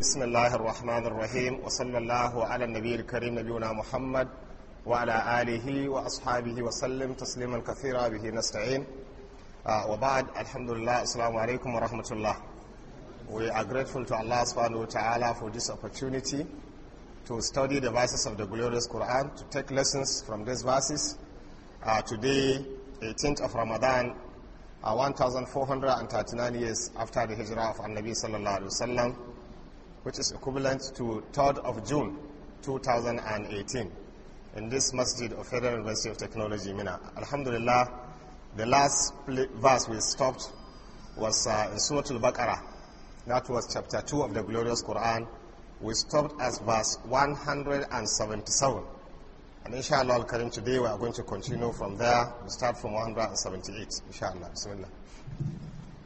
بسم الله الرحمن الرحيم وصلى الله على النبي الكريم نبينا محمد وعلى آله وأصحابه وسلم تسليما كثيرا به نستعين uh, وبعد الحمد لله السلام عليكم ورحمة الله We are grateful to Allah subhanahu wa ta'ala for this opportunity to study the verses of the glorious Quran, to take lessons from these verses. Uh, today, 18th of Ramadan, uh, ah, 1439 years after the hijrah of Annabi nabi sallallahu alayhi wa sallam, which is equivalent to 3rd of June 2018 in this masjid of Federal University of Technology, Mina. Alhamdulillah, the last verse we stopped was uh, in Surah Al-Baqarah. That was chapter 2 of the glorious Quran. We stopped at verse 177. And inshallah al-Karim, today we are going to continue from there. We start from 178, inshallah. Bismillah.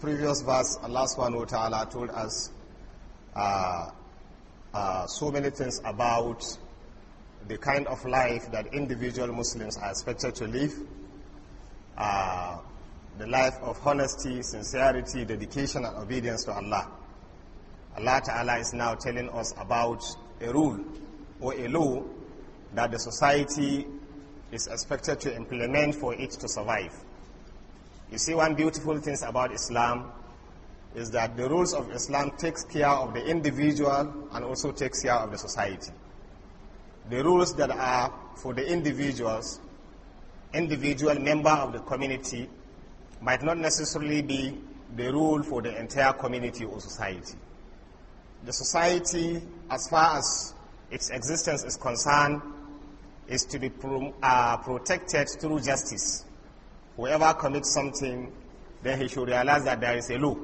previous verse, Allah subhanahu wa ta'ala told us uh, uh, so many things about the kind of life that individual Muslims are expected to live, uh, the life of honesty, sincerity, dedication, and obedience to Allah. Allah Ta'ala is now telling us about a rule or a law that the society is expected to implement for it to survive. You see, one beautiful thing about Islam is that the rules of Islam takes care of the individual and also takes care of the society. The rules that are for the individuals, individual member of the community, might not necessarily be the rule for the entire community or society. The society, as far as its existence is concerned, is to be uh, protected through justice whoever commits something, then he should realize that there is a law,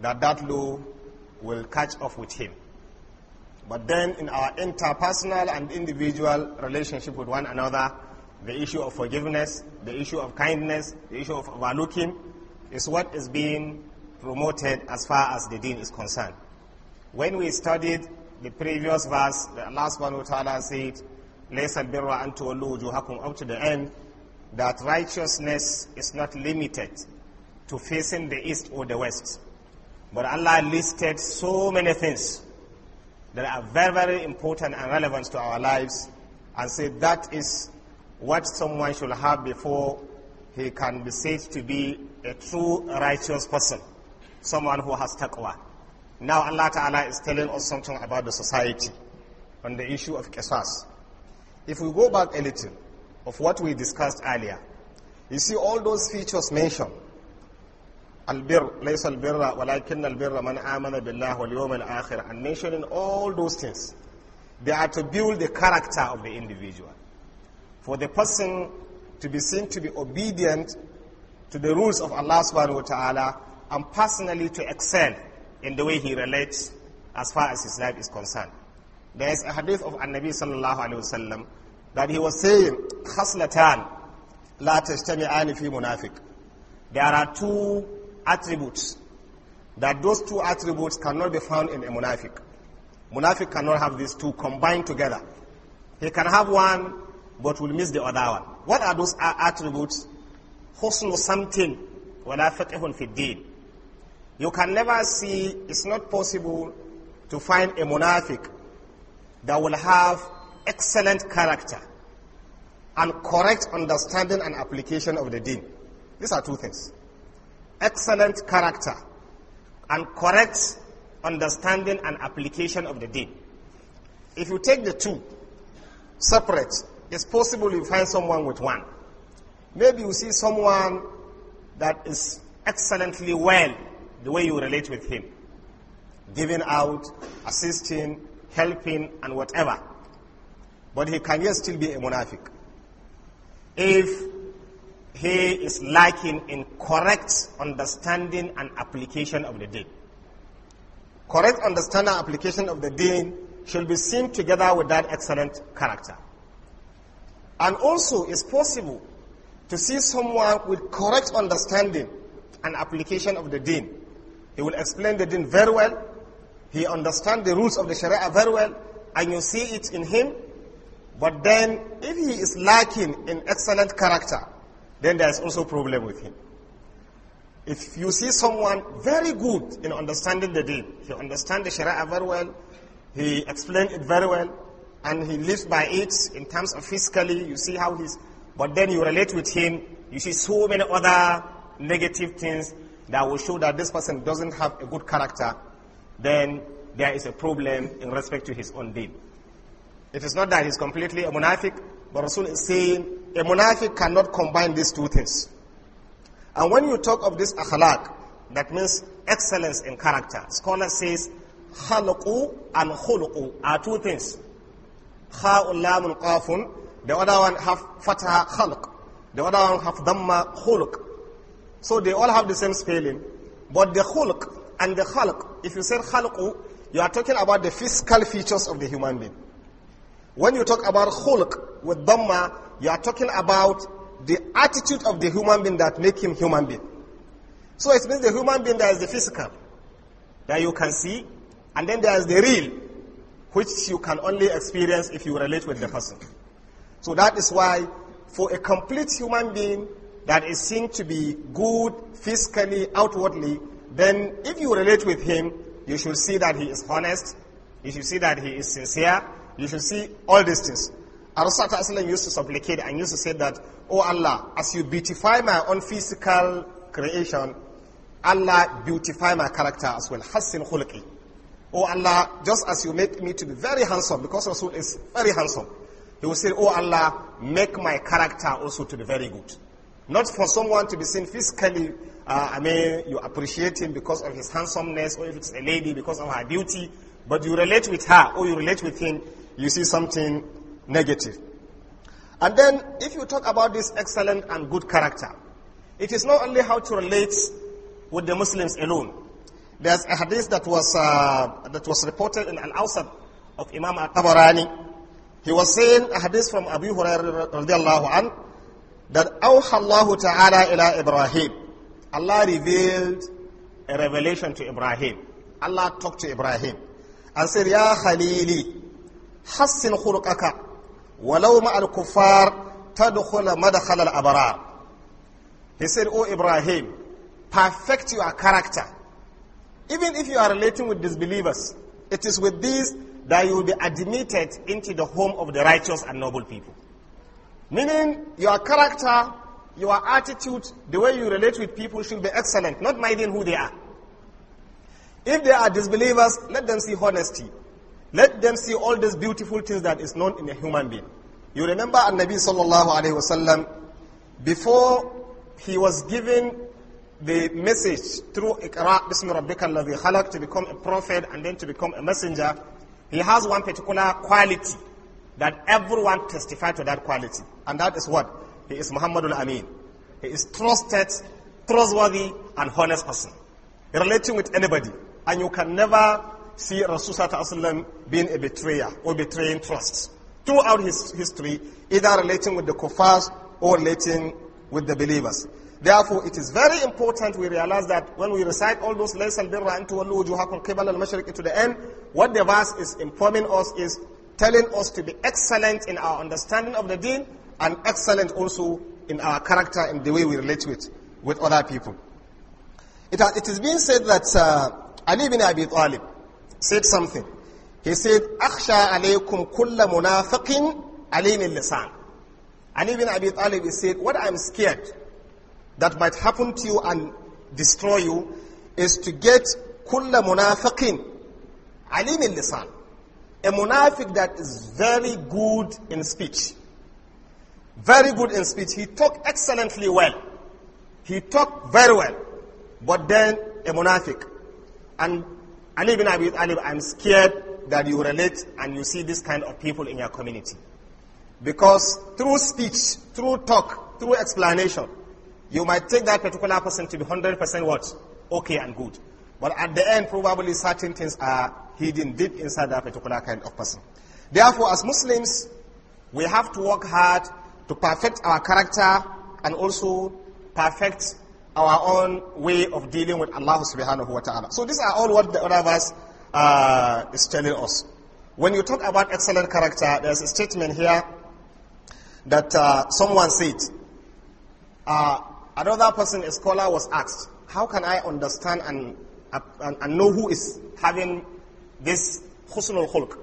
that that law will catch up with him. But then in our interpersonal and individual relationship with one another, the issue of forgiveness, the issue of kindness, the issue of overlooking is what is being promoted as far as the deen is concerned. When we studied the previous verse, the last one, wa ta'ala said, لَيْسَ الْبِرَّ أَن تُوَلُّوا وُجُوهَكُمْ Up to the end, that righteousness is not limited to facing the east or the west. But Allah listed so many things that are very, very important and relevant to our lives and said that is what someone should have before he can be said to be a true righteous person, someone who has taqwa. Now Allah Ta'ala is telling us something about the society on the issue of qisas. If we go back a little, of what we discussed earlier. You see all those features mentioned. Albir, ليس البر ولكن البر من آمن بالله واليوم الآخر and mentioning all those things. They are to build the character of the individual. For the person to be seen to be obedient to the rules of Allah subhanahu wa ta'ala and personally to excel in the way he relates as far as his life is concerned. There is a hadith of An-Nabi sallallahu alayhi wa sallam that he was saying, Khaslatan, la fi munafiq. There are two attributes, that those two attributes cannot be found in a munafiq. Munafiq cannot have these two combined together. He can have one, but will miss the other one. What are those attributes? Husnu something, wala fiqhun fi You can never see, it's not possible to find a munafiq that will have excellent character and correct understanding and application of the deen. These are two things. Excellent character and correct understanding and application of the deen. If you take the two separate, it's possible you find someone with one. Maybe you see someone that is excellently well the way you relate with him. Giving out, assisting, helping, and whatever. But he can yet still be a munafiq. If he is lacking in correct understanding and application of the deen. Correct understanding and application of the deen should be seen together with that excellent character. And also, it's possible to see someone with correct understanding and application of the deen. He will explain the deen very well. He understands the rules of the sharia very well. And you see it in him but then, if he is lacking in excellent character, then there is also problem with him. If you see someone very good in understanding the deen, he understands the Sharia very well, he explains it very well, and he lives by it in terms of physically, you see how he's, but then you relate with him, you see so many other negative things that will show that this person doesn't have a good character, then there is a problem in respect to his own deen. It is not that he's completely a munafiq, but Rasul is saying a munafiq cannot combine these two things. And when you talk of this akhlaq, that means excellence in character. Scholar says khalqu and khuluqu are two things. Kha'ul lamun qafun. The other one have fatah khalq. The other one have dhamma khuluq. So they all have the same spelling. But the khuluq and the khalq, if you say khalqu, you are talking about the physical features of the human being. When you talk about khulq with Dhamma, you are talking about the attitude of the human being that make him human being. So it means the human being there is the physical that you can see, and then there is the real, which you can only experience if you relate with the person. So that is why for a complete human being that is seen to be good physically, outwardly, then if you relate with him, you should see that he is honest, you should see that he is sincere, you should see all these things. Rasulullah used to supplicate and used to say that, Oh Allah, as you beautify my own physical creation, Allah beautify my character as well. Hassin khulqi. Oh Allah, just as you make me to be very handsome, because Rasul is very handsome, he will say, Oh Allah, make my character also to be very good. Not for someone to be seen physically, uh, I mean, you appreciate him because of his handsomeness, or if it's a lady, because of her beauty, but you relate with her, or you relate with him you see something negative. And then, if you talk about this excellent and good character, it is not only how to relate with the Muslims alone. There's a hadith that was, uh, that was reported in Al-Awsat of Imam Al-Tabarani. He was saying a hadith from Abu Hurairah an, that أَوْحَى اللَّهُ تَعَالَى إِلَىٰ Allah revealed a revelation to Ibrahim. Allah talked to Ibrahim and said, Ya Khalili, حسن خلقك ولو مع الكفار تدخل مدخل الأبرار He said, O oh Ibrahim, perfect your character. Even if you are relating with disbelievers, it is with these that you will be admitted into the home of the righteous and noble people. Meaning, your character, your attitude, the way you relate with people should be excellent, not minding who they are. If they are disbelievers, let them see honesty. Let them see all these beautiful things that is known in a human being. You remember An Nabi sallallahu alayhi wasallam, before he was given the message through Iqra, Bismillah, Rabbika alladhi khalaq, to become a prophet and then to become a messenger, he has one particular quality that everyone testified to that quality. And that is what? He is Muhammadul Amin. He is trusted, trustworthy, and honest person. Relating with anybody. And you can never see Rasulullah being a betrayer or betraying trust throughout his history, either relating with the kuffars or relating with the believers. Therefore, it is very important we realize that when we recite all those lays al birra and tuwallu wujuhakum qibal al mashriq to the end, what the verse is informing us is telling us to be excellent in our understanding of the deen and excellent also in our character and the way we relate with, with other people. It, it is being said that uh, Ali bin Abi Talib, said something. He said, Akhsha alaykum kulla munafiqin alayni lisan. And even Abi Talib said, what I'm scared that might happen to you and destroy you is to get kulla munafiqin alayni lisan. A munafiq that is very good in speech. Very good in speech. He talked excellently well. He talked very well. But then a munafiq. And Ali even Abi Talib, I'm scared that you relate and you see this kind of people in your community. Because through speech, through talk, through explanation, you might take that particular person to be 100% what? Okay and good. But at the end, probably certain things are hidden deep inside that particular kind of person. Therefore, as Muslims, we have to work hard to perfect our character and also perfect our own way of dealing with Allah subhanahu wa ta'ala. So these are all what the other verse uh, is telling us. When you talk about excellent character, there's a statement here that uh, someone said, uh, another person, a scholar, was asked, how can I understand and, and, and know who is having this husnul khulq,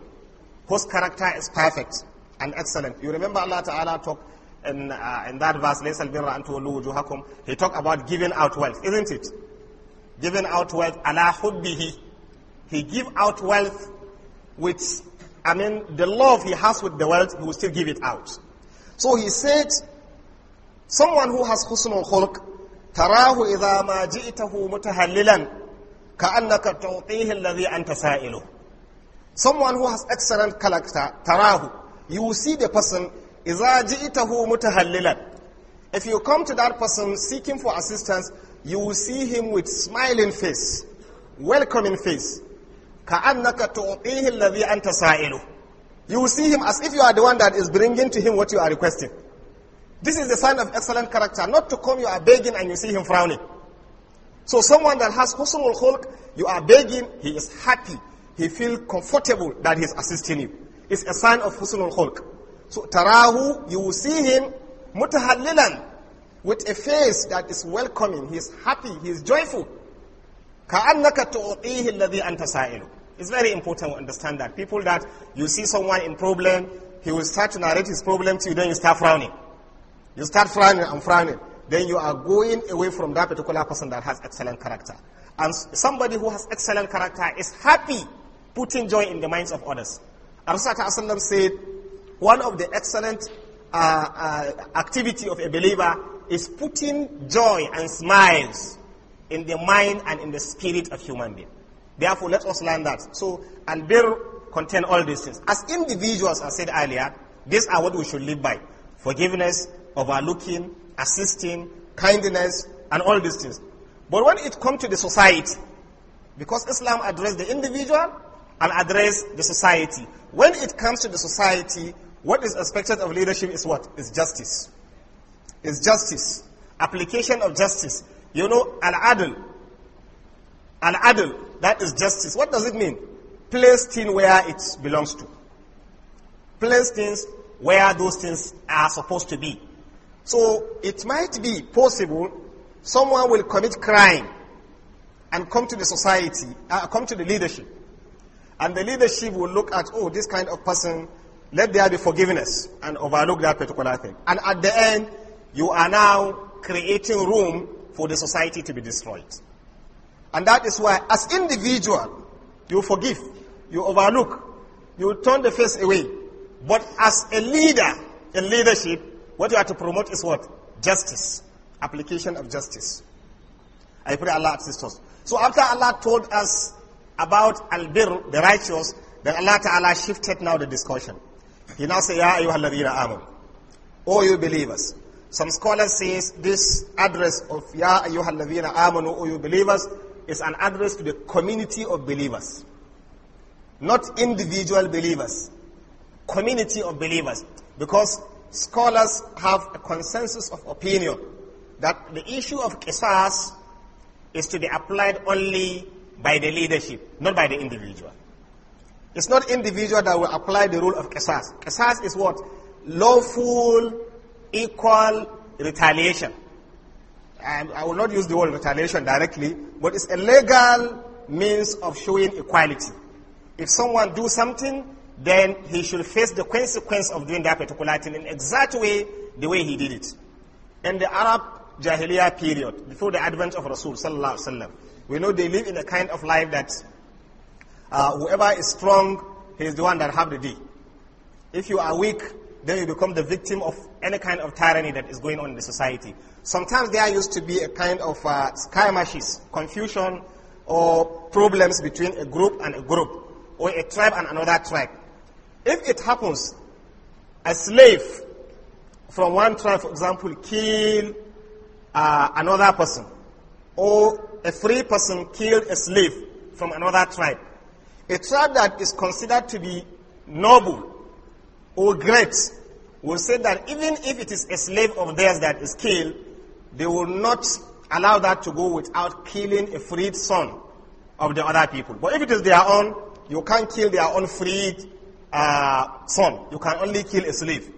whose character is perfect and excellent. You remember Allah Ta'ala talk, in, uh, in that verse, let's أَن تُوَلُّوا وُجُوهَكُمْ He talked about giving out wealth, isn't it? Giving out wealth, عَلَى حُبِّهِ He give out wealth with, I mean, the love he has with the wealth, he will still give it out. So he said, someone who has husnul khulq, تَرَاهُ إِذَا ma جِئْتَهُ مُتَهَلِّلًا كَأَنَّكَ تُعْطِيهِ الَّذِي أَنْتَ سَائِلُهُ Someone who has excellent character, tarahu, you will see the person if you come to that person seeking for assistance, you will see him with smiling face, welcoming face. You will see him as if you are the one that is bringing to him what you are requesting. This is the sign of excellent character. Not to come, you are begging and you see him frowning. So someone that has husnul khulq, you are begging, he is happy. He feels comfortable that he is assisting you. It's a sign of husnul khulq. So tarahu, you will see him mutahallilan, with a face that is welcoming, he is happy, he is joyful. It's very important to understand that. People that you see someone in problem, he will start to narrate his problem to you, then you start frowning. You start frowning and frowning. Then you are going away from that particular person that has excellent character. And somebody who has excellent character is happy, putting joy in the minds of others. Rasulullah said, one of the excellent uh, uh, activity of a believer is putting joy and smiles in the mind and in the spirit of human being. Therefore, let us learn that. So, and bear contain all these things. As individuals, I said earlier, these are what we should live by. Forgiveness, overlooking, assisting, kindness, and all these things. But when it comes to the society, because Islam addresses the individual and address the society, when it comes to the society, what is expected of leadership is what? Is justice. It's justice. Application of justice. You know, al-adl. Al-adl, that is justice. What does it mean? Place things where it belongs to. Place things where those things are supposed to be. So it might be possible someone will commit crime and come to the society, uh, come to the leadership. And the leadership will look at, oh, this kind of person let there be forgiveness and overlook that particular thing. And at the end, you are now creating room for the society to be destroyed. And that is why, as individual, you forgive, you overlook, you turn the face away. But as a leader in leadership, what you have to promote is what? Justice. Application of justice. I pray Allah assist us. So after Allah told us about al-bir, the righteous, then Allah Ta'ala shifted now the discussion. He now says, Ya ayyuhal ladhina amanu. O you believers. Some scholars say this address of Ya ayyuhal ladhina amanu, O you believers, is an address to the community of believers. Not individual believers. Community of believers. Because scholars have a consensus of opinion that the issue of qisas is to be applied only by the leadership, not by the individual. It's not individual that will apply the rule of qisas. Qisas is what? Lawful, equal retaliation. And I will not use the word retaliation directly, but it's a legal means of showing equality. If someone do something, then he should face the consequence of doing that particular thing in exact way, the way he did it. In the Arab Jahiliyyah period, before the advent of Rasul we know they live in a kind of life that uh, whoever is strong, he is the one that have the deed. If you are weak, then you become the victim of any kind of tyranny that is going on in the society. Sometimes there used to be a kind of uh, skirmishes, confusion, or problems between a group and a group, or a tribe and another tribe. If it happens, a slave from one tribe, for example, kill uh, another person, or a free person killed a slave from another tribe, a tribe that is considered to be noble or great will say that even if it is a slave of theirs that is killed, they will not allow that to go without killing a freed son of the other people. But if it is their own, you can't kill their own freed uh, son. You can only kill a slave.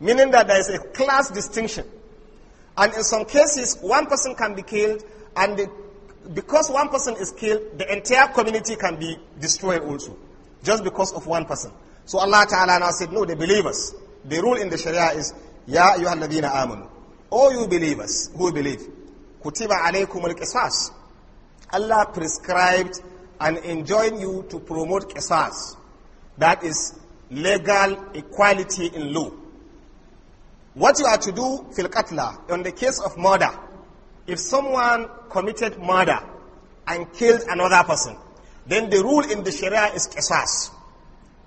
Meaning that there is a class distinction. And in some cases, one person can be killed and the because one person is killed, the entire community can be destroyed also, just because of one person. So Allah Ta'ala now said, no, the believers, the rule in the Sharia is, Ya ayyuhalladhina amanu, all you believers who believe, kutiba alaykum al-qisas. Allah prescribed and enjoined you to promote qisas. That is legal equality in law. What you are to do, fil qatla, on the case of murder, if someone committed murder and killed another person, then the rule in the Sharia is qisas.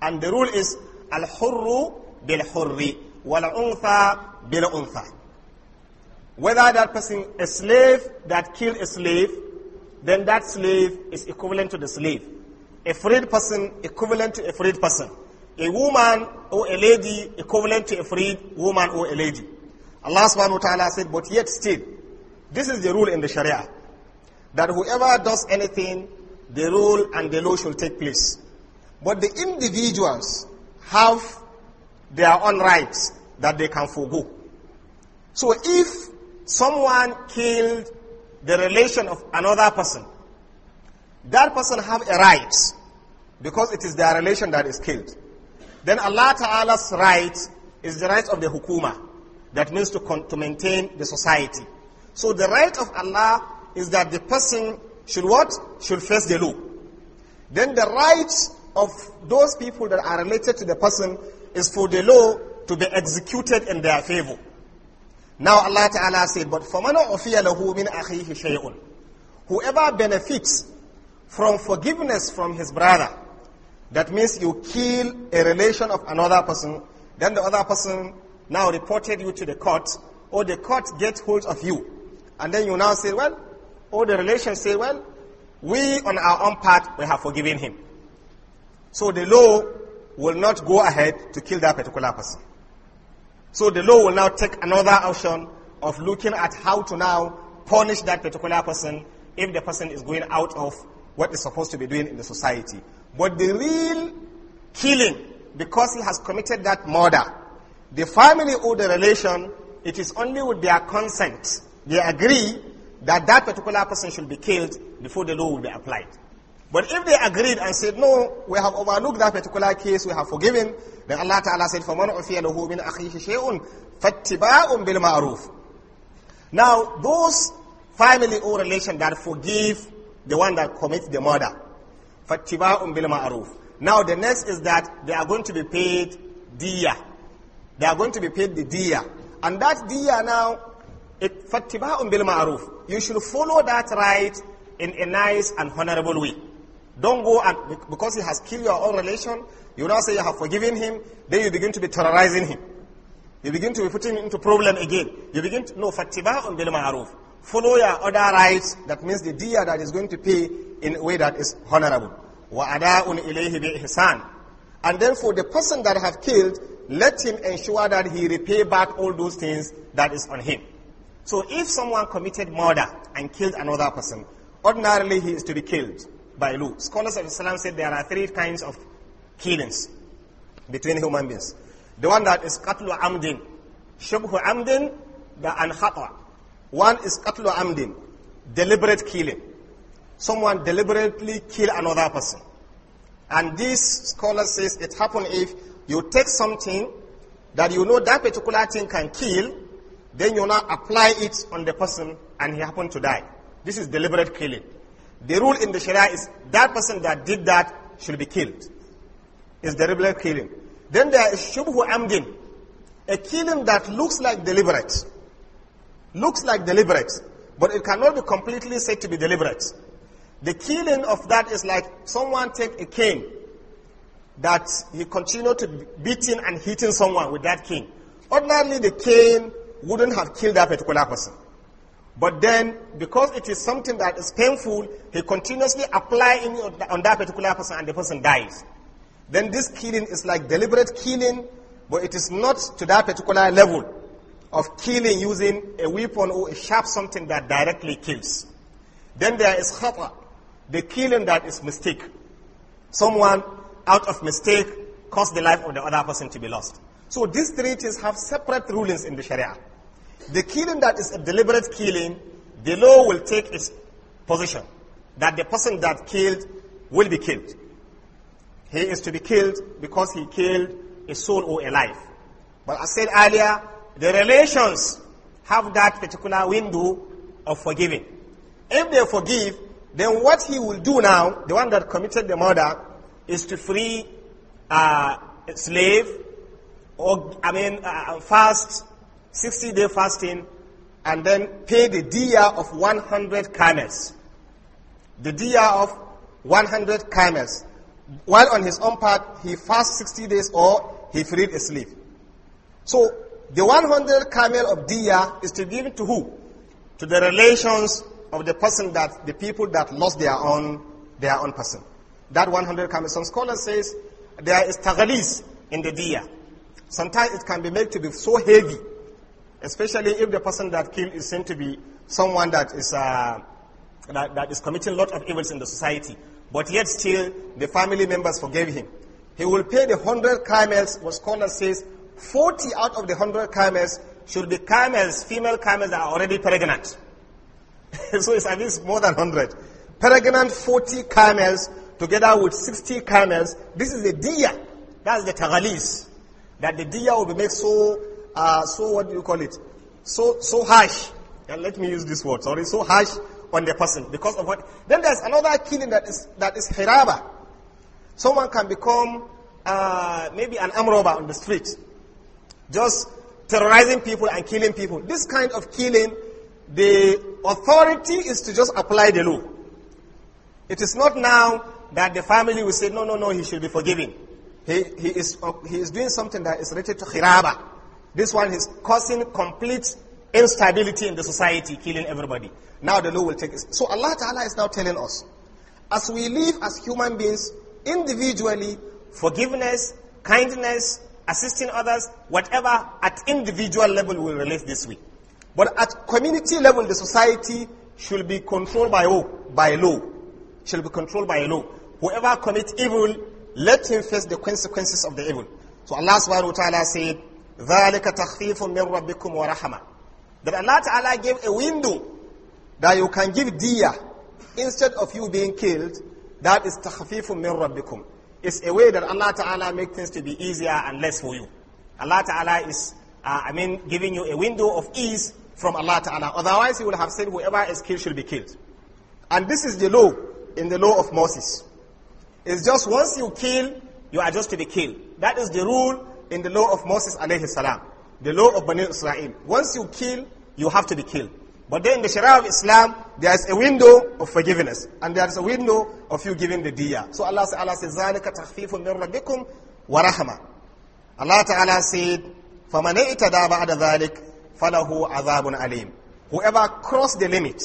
And the rule is al-hurru bil-hurri wal-untha bil-untha. Whether that person, a slave that killed a slave, then that slave is equivalent to the slave. A freed person, equivalent to a freed person. A woman or a lady, equivalent to a freed woman or a lady. Allah subhanahu wa ta'ala said, but yet still, this is the rule in the Sharia. That whoever does anything, the rule and the law should take place. But the individuals have their own rights that they can forego. So if someone killed the relation of another person, that person have a right because it is their relation that is killed. Then Allah Ta'ala's right is the right of the hukuma. That means to, to maintain the society. So the right of Allah is that the person should what? Should face the law. Then the right of those people that are related to the person is for the law to be executed in their favor. Now Allah Ta'ala said, But فَمَنَ أُفِيَ لَهُ مِنْ أَخِيهِ شَيْءٌ Whoever benefits from forgiveness from his brother, that means you kill a relation of another person, then the other person now reported you to the court, or the court gets hold of you and then you now say, well, all the relations say, well, we on our own part, we have forgiven him. So the law will not go ahead to kill that particular person. So the law will now take another option of looking at how to now punish that particular person if the person is going out of what is supposed to be doing in the society. But the real killing, because he has committed that murder, the family or the relation, it is only with their consent they agree that that particular person should be killed before the law will be applied. But if they agreed and said, no, we have overlooked that particular case, we have forgiven, then Allah Ta'ala said, فَمَنْ عُفِيَ لَهُ مِنْ أَخِيهِ شَيْءٌ فَاتِّبَاءٌ بِالْمَعْرُوفِ Now, those family or relation that forgive the one that commits the murder, فَاتِّبَاءٌ بِالْمَعْرُوفِ Now, the next is that they are going to be paid diya. They are going to be paid the diya. And that diya now it, فَاتِّبَاءٌ بِالْمَعْرُوفِ You should follow that right in a nice and honorable way. Don't go and, because he has killed your own relation, you now say you have forgiven him, then you begin to be terrorizing him. You begin to be putting him into problem again. You begin to, no, فَاتِّبَاءٌ بِالْمَعْرُوفِ Follow your other rights, that means the dear that is going to pay in a way that is honorable. وَأَدَاءٌ bi بِإِحْسَانٍ And then for the person that have killed, let him ensure that he repay back all those things that is on him. So if someone committed murder and killed another person, ordinarily he is to be killed by law. Scholars of Islam said there are three kinds of killings between human beings. The one that is Katlu amdin, shubhu amdin, the anhata. One is Katlu amdin, deliberate killing. Someone deliberately kill another person. And this scholar says it happens if you take something that you know that particular thing can kill, then you now apply it on the person and he happened to die. This is deliberate killing. The rule in the Sharia is that person that did that should be killed. It's deliberate killing. Then there is shubhu amdin, a killing that looks like deliberate. Looks like deliberate, but it cannot be completely said to be deliberate. The killing of that is like someone take a cane that he continued to beating and hitting someone with that cane. Ordinarily, the cane wouldn't have killed that particular person. But then, because it is something that is painful, he continuously applies on that particular person and the person dies. Then this killing is like deliberate killing, but it is not to that particular level of killing using a weapon or a sharp something that directly kills. Then there is khata, the killing that is mistake. Someone out of mistake caused the life of the other person to be lost. So these three things have separate rulings in the Sharia. The killing that is a deliberate killing, the law will take its position that the person that killed will be killed. He is to be killed because he killed a soul or a life. But I said earlier, the relations have that particular window of forgiving. If they forgive, then what he will do now, the one that committed the murder, is to free uh, a slave, or I mean, uh, uh fast 60 day fasting, and then pay the diya of 100 camels. The diya of 100 camels. While on his own part, he fasts 60 days or he freed a slave. So, the 100 camel of diya is to give to who? To the relations of the person that, the people that lost their own, their own person. That 100 camels. some scholars says, there is tagalis in the diya. Sometimes it can be made to be so heavy Especially if the person that killed is seen to be someone that is, uh, that, that is committing a lot of evils in the society. But yet still, the family members forgave him. He will pay the hundred camels, what scholar says, 40 out of the hundred camels should be camels, female camels that are already pregnant. so it's at least more than 100. Pregnant 40 camels together with 60 camels. This is the dia. That's the tagalis. That the dia will be made so uh, so what do you call it? So, so harsh. let me use this word, sorry, so harsh on the person because of what. Then there's another killing that is, that is hiraba. Someone can become uh, maybe an arm robber on the street, just terrorizing people and killing people. This kind of killing, the authority is to just apply the law. It is not now that the family will say, no, no, no, he should be forgiven. He, he, is, he is doing something that is related to hiraba. This one is causing complete instability in the society, killing everybody. Now the law will take it. So Allah Ta'ala is now telling us, as we live as human beings, individually, forgiveness, kindness, assisting others, whatever, at individual level will release this way. But at community level, the society should be controlled by, by law. Shall be controlled by law. Whoever commits evil, let him face the consequences of the evil. So Allah subhanahu wa ta'ala said, ذَلِكَ تَخْفِيفٌ مِّن رَبِّكُمْ وَرَحْمَةٌ That Allah Ta'ala gave a window that you can give diya instead of you being killed. That is تَخْفِيفٌ مِّن رَبِّكُمْ It's a way that Allah Ta'ala makes things to be easier and less for you. Allah Ta'ala is, uh, I mean, giving you a window of ease from Allah Ta'ala. Otherwise, He would have said whoever is killed should be killed. And this is the law in the law of Moses. It's just once you kill, you are just to be killed. That is the rule in the law of Moses alayhi salam, the law of Bani Israel. Once you kill, you have to be killed. But then in the Sharia of Islam, there is a window of forgiveness. And there is a window of you giving the diya. So Allah, Allah says, ذَلِكَ تَخْفِيفٌ مِنْ رَبِّكُمْ وَرَحْمَةٌ Allah Ta'ala said, فَمَنْ اِتَدَى بَعْدَ ذَلِكَ فَلَهُ عَذَابٌ Whoever crossed the limit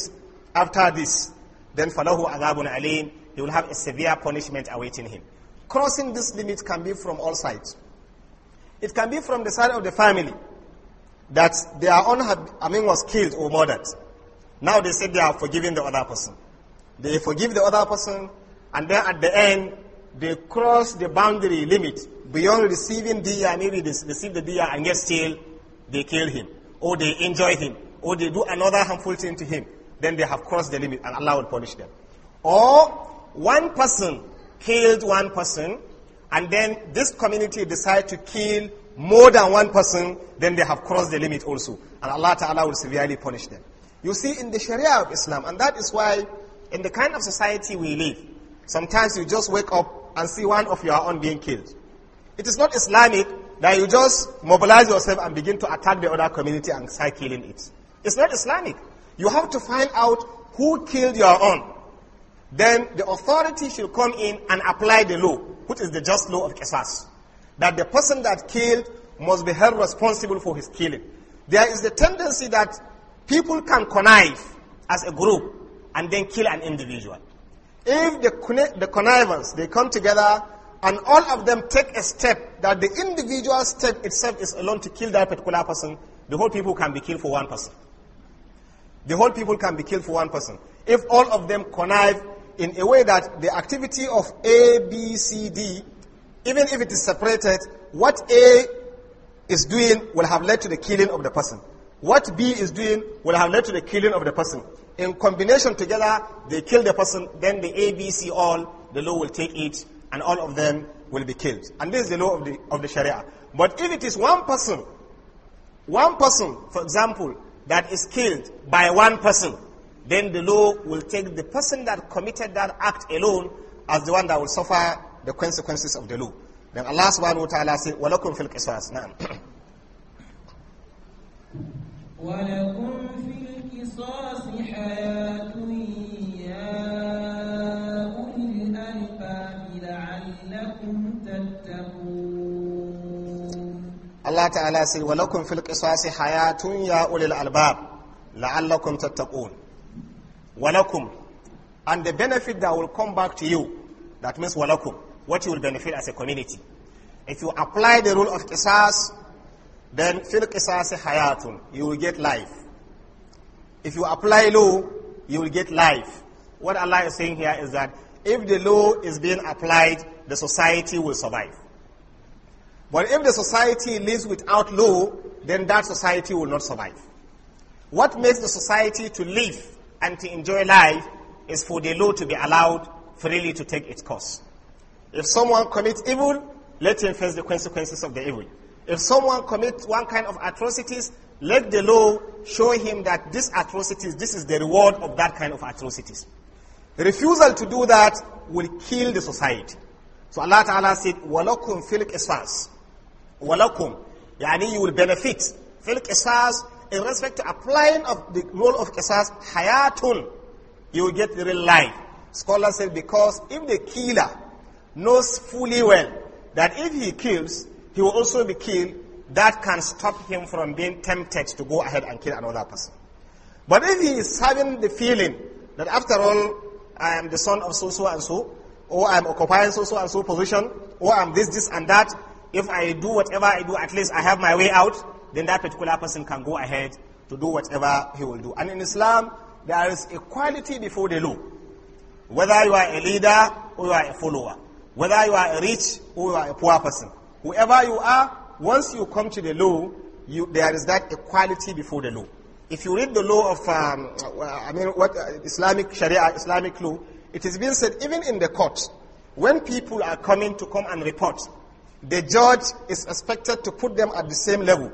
after this, then فَلَهُ عَذَابٌ alim, He will have a severe punishment awaiting him. Crossing this limit can be from all sides. It can be from the side of the family that their own, I mean, was killed or murdered. Now they say they are forgiving the other person. They forgive the other person, and then at the end, they cross the boundary limit beyond receiving diya. Maybe they receive the diya, and yet still they kill him, or they enjoy him, or they do another harmful thing to him. Then they have crossed the limit, and Allah will punish them. Or one person killed one person, and then this community decide to kill more than one person, then they have crossed the limit also. And Allah Ta'ala will severely punish them. You see, in the Sharia of Islam, and that is why in the kind of society we live, sometimes you just wake up and see one of your own being killed. It is not Islamic that you just mobilize yourself and begin to attack the other community and start killing it. It's not Islamic. You have to find out who killed your own. Then the authority should come in and apply the law which is the just law of Qisas. That the person that killed must be held responsible for his killing. There is the tendency that people can connive as a group and then kill an individual. If the, the connivance, they come together and all of them take a step that the individual step itself is alone to kill that particular person, the whole people can be killed for one person. The whole people can be killed for one person. If all of them connive in a way that the activity of A, B, C, D, even if it is separated, what A is doing will have led to the killing of the person. What B is doing will have led to the killing of the person. In combination together, they kill the person, then the A, B, C, all, the law will take it, and all of them will be killed. And this is the law of the, of the Sharia. But if it is one person, one person, for example, that is killed by one person, then the law will take the person that committed that act alone as the one that will suffer the consequences of the law. Then Allah subhanahu wa ta'ala said, وَلَكُمْ فِي الْقِصَاصِ نعم وَلَكُمْ فِي الْقِصَاصِ حَيَاةٌ يَا أُولِي الْأَلْبَابِ لَعَلَّكُمْ تَتَّقُونَ Allah ta'ala said, وَلَكُمْ فِي الْقِصَاصِ حَيَاةٌ يَا أُولِي الْأَلْبَابِ لَعَلَّكُمْ تَتَّقُونَ walakum and the benefit that will come back to you that means walakum what you will benefit as a community if you apply the rule of qisas then fil qisas hayatun you will get life if you apply law you will get life what allah is saying here is that if the law is being applied the society will survive but if the society lives without law then that society will not survive what makes the society to live and to enjoy life is for the law to be allowed freely to take its course. If someone commits evil, let him face the consequences of the evil. If someone commits one kind of atrocities, let the law show him that this atrocities, this is the reward of that kind of atrocities. The refusal to do that will kill the society. So Allah Ta'ala said, وَلَكُمْ فِي الْقِصَاصِ وَلَكُمْ Yani you will benefit. فِي الْقِصَاص in respect to applying of the rule of Qisas, hayatun, you will get the real life. Scholars say because if the killer knows fully well that if he kills, he will also be killed, that can stop him from being tempted to go ahead and kill another person. But if he is having the feeling that after all, I am the son of so so and so, or I'm occupying so so and so position, or I'm this, this and that, if I do whatever I do, at least I have my way out, then that particular person can go ahead to do whatever he will do. And in Islam, there is equality before the law. Whether you are a leader or you are a follower, whether you are a rich or you are a poor person, whoever you are, once you come to the law, you, there is that equality before the law. If you read the law of, um, uh, I mean, what uh, Islamic Sharia, Islamic law, it is being said even in the court, when people are coming to come and report, the judge is expected to put them at the same level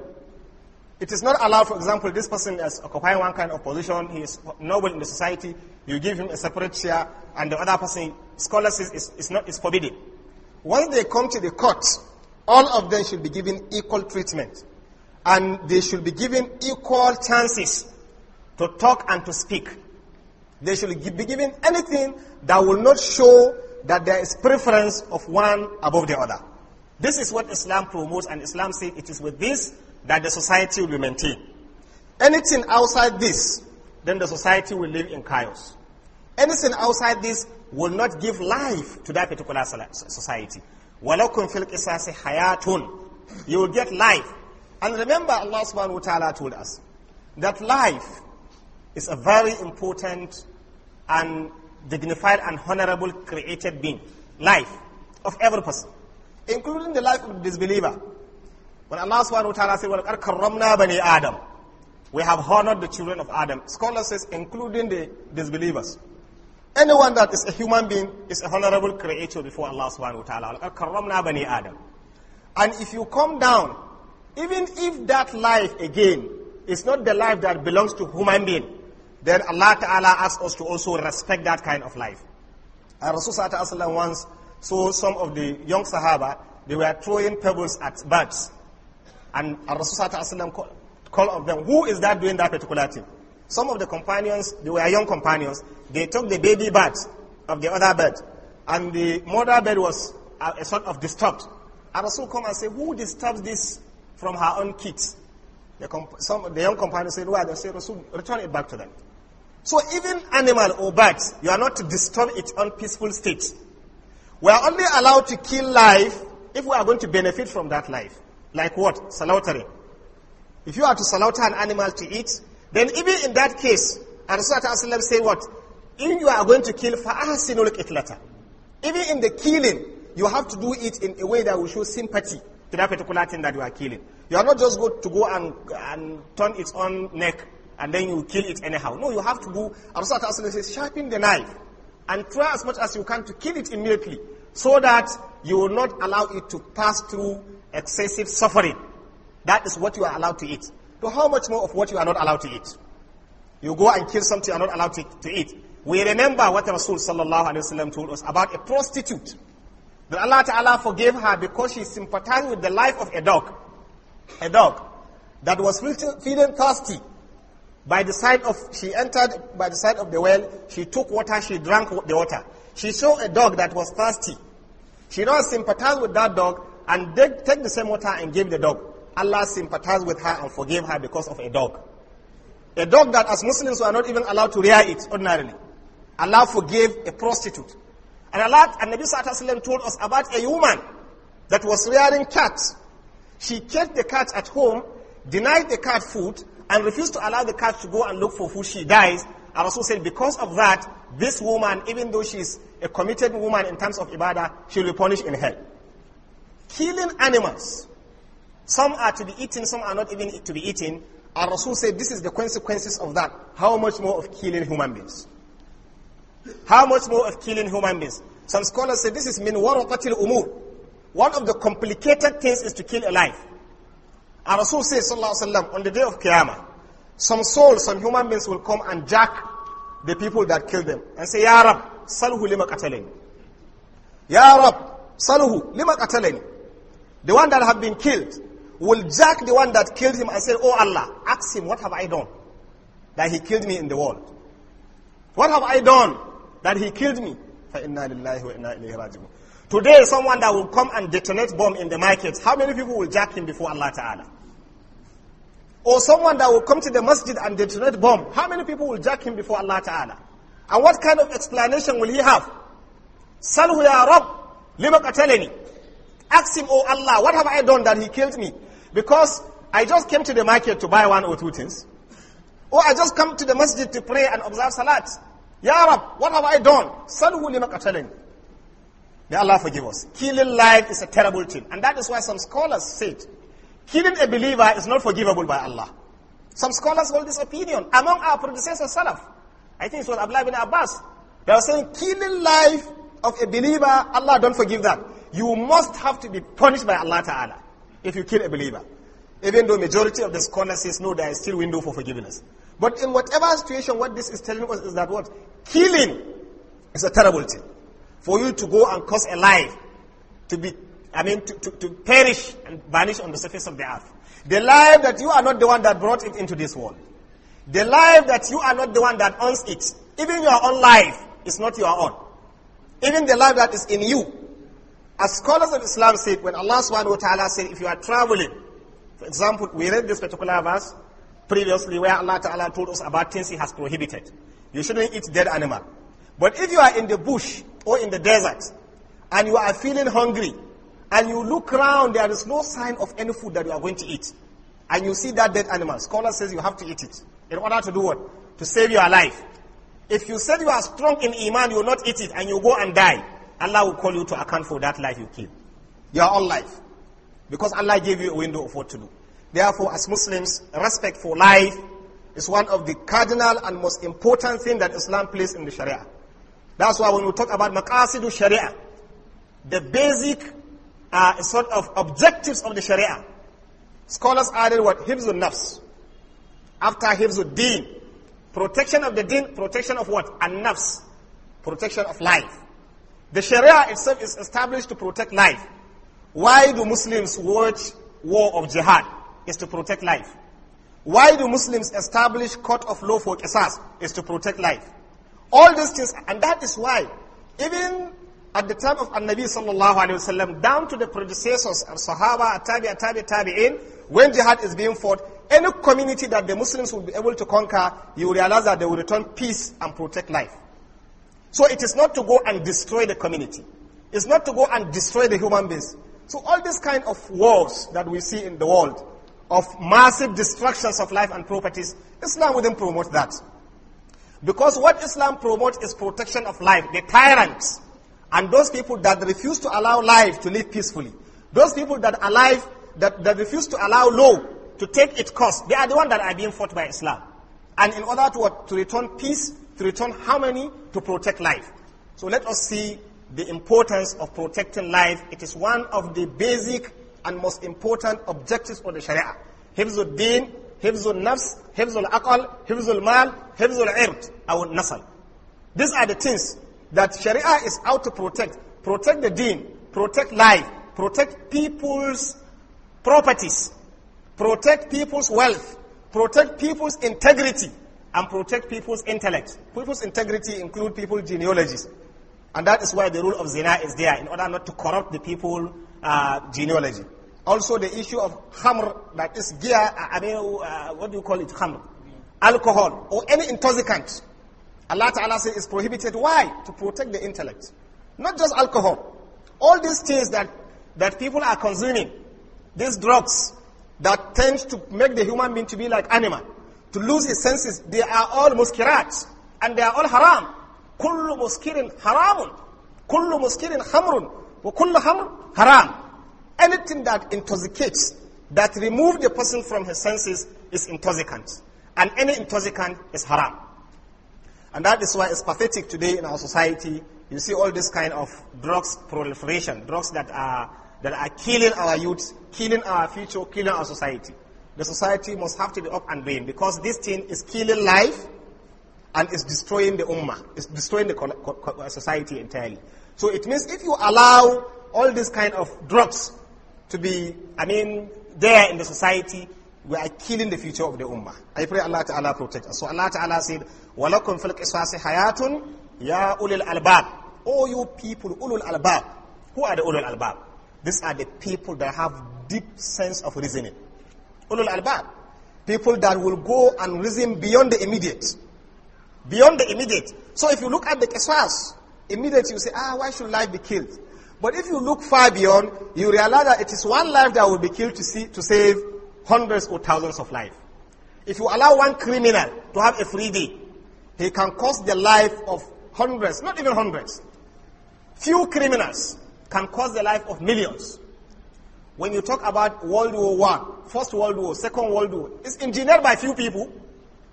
it is not allowed, for example, this person is occupying one kind of position, he is noble in the society, you give him a separate chair, and the other person, scholar, is, is, not, is forbidden. Once they come to the court, all of them should be given equal treatment. And they should be given equal chances to talk and to speak. They should be given anything that will not show that there is preference of one above the other. This is what Islam promotes, and Islam says it is with this that the society will maintain. Anything outside this, then the society will live in chaos. Anything outside this will not give life to that particular society. وَلَوْكُمْ فِي الْقِسَاسِ حَيَاتٌ You will get life. And remember Allah subhanahu wa ta'ala told us that life is a very important and dignified and honorable created being. Life of every person, including the life of the disbeliever. When Allah subhanahu wa ta'ala said, وَلَقَدْ كَرَّمْنَا bani Adam, we have honored the children of Adam. Scholars says, including the disbelievers. Anyone that is a human being is a honorable creature before Allah subhanahu wa ta'ala. وَلَقَدْ Adam. And if you come down, even if that life again is not the life that belongs to human being, then Allah Ta'ala asks us to also respect that kind of life. And Rasulullah once saw some of the young Sahaba, they were throwing pebbles at birds. And Rasulullah called call of them, who is that doing that particular thing? Some of the companions, they were young companions, they took the baby bird of the other bird. And the mother bird was a, uh, a sort of disturbed. And Rasul come and say, who disturbs this from her own kids? The, some, the young companions said, well, they say, Rasul, return it back to them. So even animal or birds, you are not to disturb its own peaceful state. We are only allowed to kill life if we are going to benefit from that life. Like what? Salawtari. If you are to slaughter an animal to eat, then even in that case, Rasulullah say what? If you are going to kill, فَأَحْسِنُوا الْقِتْلَةَ Even in the killing, you have to do it in a way that will show sympathy to that particular thing that you are killing. You are not just going to go and, and turn its own neck and then you kill it anyhow. No, you have to go, Rasulullah says, sharpen the knife and try as much as you can to kill it immediately so that you will not allow it to pass through excessive suffering. That is what you are allowed to eat. So how much more of what you are not allowed to eat? You go and kill something you are not allowed to, to eat. We remember what Rasul sallallahu alayhi wa told us about a prostitute. That Allah Ta'ala forgave her because she sympathized with the life of a dog. A dog that was feeling thirsty. By the side of, she entered by the side of the well, she took water, she drank the water. She saw a dog that was thirsty. She not sympathized with that dog and they take the same water and give the dog. Allah sympathized with her and forgave her because of a dog. A dog that as Muslims we are not even allowed to rear it ordinarily. Allah forgave a prostitute. And Allah and Nabi Sallallahu told us about a woman that was rearing cats. She kept the cat at home, denied the cat food, and refused to allow the cat to go and look for food. She dies. And Rasul said, because of that, this woman, even though she is a committed woman in terms of ibadah, she will be punished in hell killing animals. Some are to be eaten, some are not even to be eaten. Our Rasul said this is the consequences of that. How much more of killing human beings? How much more of killing human beings? Some scholars say this is min waraqatil umur. One of the complicated things is to kill a life. Our Rasul says, sallallahu alayhi on the day of Qiyamah, some souls, some human beings will come and jack the people that killed them and say, Ya Rab, salhu lima kataleni. Ya Rab, salhu lima kataleni. The one that have been killed will jack the one that killed him and say, Oh Allah, ask him, what have I done that he killed me in the world? What have I done that he killed me? Today, someone that will come and detonate bomb in the market, how many people will jack him before Allah Ta'ala? Or someone that will come to the masjid and detonate bomb, how many people will jack him before Allah Ta'ala? And what kind of explanation will he have? Salhu ya Rabb, lima qatalani. Ask him, Oh Allah, what have I done that he killed me? Because I just came to the market to buy one or two things. Or I just come to the masjid to pray and observe salat. Ya Rab, what have I done? Salhu lima May Allah forgive us. Killing life is a terrible thing. And that is why some scholars said, killing a believer is not forgivable by Allah. Some scholars hold this opinion. Among our predecessors, Salaf, I think it was Abdullah ibn Abbas, they were saying, killing life of a believer, Allah don't forgive that you must have to be punished by Allah Ta'ala if you kill a believer. Even though majority of the scholars says no, there is still window for forgiveness. But in whatever situation, what this is telling us is that what? Killing is a terrible thing. For you to go and cause a life to be, I mean, to, to, to perish and vanish on the surface of the earth. The life that you are not the one that brought it into this world. The life that you are not the one that owns it. Even your own life is not your own. Even the life that is in you as scholars of Islam said, when Allah subhanahu wa ta'ala said, if you are traveling, for example, we read this particular verse previously where Allah ta'ala told us about things He has prohibited. You shouldn't eat dead animal. But if you are in the bush or in the desert and you are feeling hungry and you look around, there is no sign of any food that you are going to eat. And you see that dead animal. Scholar says you have to eat it. In order to do what? To save your life. If you said you are strong in Iman, you will not eat it and you go and die. Allah will call you to account for that life you killed. Your own life. Because Allah gave you a window of what to do. Therefore, as Muslims, respect for life is one of the cardinal and most important thing that Islam places in the Sharia. That's why when we talk about maqasidu Sharia, the basic uh, sort of objectives of the Sharia, scholars added what? Hifzul nafs. After Hifzul deen. Protection of the deen, protection of what? An nafs. Protection of life. The Sharia itself is established to protect life. Why do Muslims wage war of jihad? Is to protect life. Why do Muslims establish court of law for qisas? Is to protect life. All these things, and that is why, even at the time of An-Nabi sallallahu alayhi sallam, down to the predecessors and Sahaba, Atabi, Atabi, Tabi'in, when jihad is being fought, any community that the Muslims will be able to conquer, you realize that they will return peace and protect life. So it is not to go and destroy the community. It's not to go and destroy the human beings. So all these kind of wars that we see in the world, of massive destructions of life and properties, Islam wouldn't promote that. Because what Islam promotes is protection of life. The tyrants and those people that refuse to allow life to live peacefully, those people that alive that, that refuse to allow law to take its course, they are the ones that are being fought by Islam. And in order to, to return peace to return how many? To protect life. So let us see the importance of protecting life. It is one of the basic and most important objectives of the Sharia. Hifzul Din, Hifzul Nafs, Hifzul Aqal, Hifzul Mal, Hifzul Irt, our Nasal. These are the things that Sharia is out to protect. Protect the Deen, protect life, protect people's properties, protect people's wealth, protect people's integrity, and protect people's intellect. People's integrity include people's genealogies. And that is why the rule of zina is there, in order not to corrupt the people's uh, genealogy. Also the issue of hamr, that is gear, uh, I mean, uh, what do you call it, hamr? Alcohol, or any intoxicant. Allah Ta'ala says is prohibited. Why? To protect the intellect. Not just alcohol. All these things that, that people are consuming, these drugs that tend to make the human being to be like animal to lose his senses, they are all muskirat, and they are all haram. كل مسكر haramun, كل مسكر خمر kullu خمر haram. Anything that intoxicates, that removes the person from his senses is intoxicant. And any intoxicant is haram. And that is why it's pathetic today in our society. You see all this kind of drugs proliferation, drugs that are, that are killing our youth, killing our future, killing our society the society must have to be up and doing because this thing is killing life and it's destroying the ummah. It's destroying the society entirely. So it means if you allow all these kind of drugs to be, I mean, there in the society, we are killing the future of the ummah. I pray Allah Ta'ala protect us. So Allah Ta'ala said, وَلَكُمْ فِي الْقِسْوَاسِ حَيَاتٌ يَا أُولِي الْأَلْبَابِ All you people, ulul albab. Who are the ulul albab? These are the people that have deep sense of reasoning ulul albab. People that will go and reason beyond the immediate. Beyond the immediate. So if you look at the qisas, immediate you say, ah, why should life be killed? But if you look far beyond, you realize that it is one life that will be killed to, see, to save hundreds or thousands of lives. If you allow one criminal to have a free day, he can cost the life of hundreds, not even hundreds. Few criminals can cost the life of millions. When you talk about World War One, First World War, Second World War, it's engineered by few people.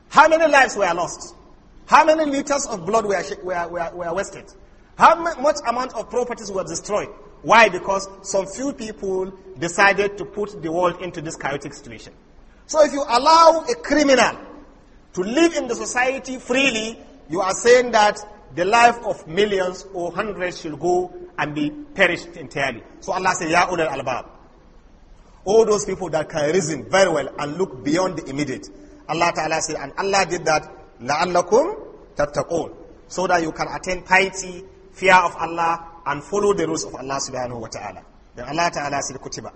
How many lives were lost? How many liters of blood were, were, were, were wasted? How much amount of properties were destroyed? Why? Because some few people decided to put the world into this chaotic situation. So if you allow a criminal to live in the society freely, you are saying that the life of millions or hundreds should go and be perished entirely. So Allah says, Ya ulal Bab. All those people that can reason very well and look beyond the immediate. Allah Ta'ala said, and Allah did that, لَعَلَّكُمْ تَتَّقُونَ So that you can attain piety, fear of Allah, and follow the rules of Allah Subhanahu wa Ta'ala. Then Allah Ta'ala said, كُتِبَ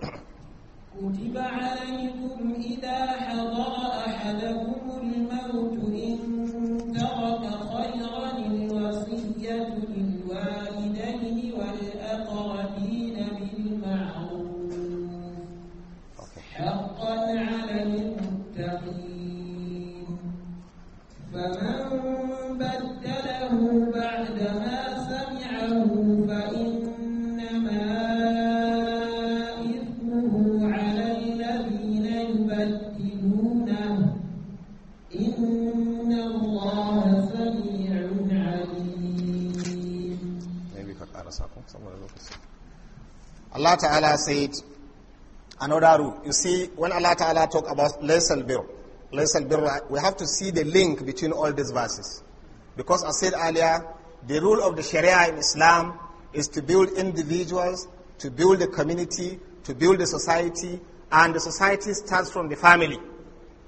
كُتِبَ عَلَيْكُمْ إِذَا حَضَرَ أَحَدَكُمُ الْمَوْتُ Allah Ta'ala said, another rule. You see, when Allah Ta'ala talk about Laysal Bir, we have to see the link between all these verses. Because I said earlier, the rule of the Sharia in Islam is to build individuals, to build the community, to build the society, and the society starts from the family.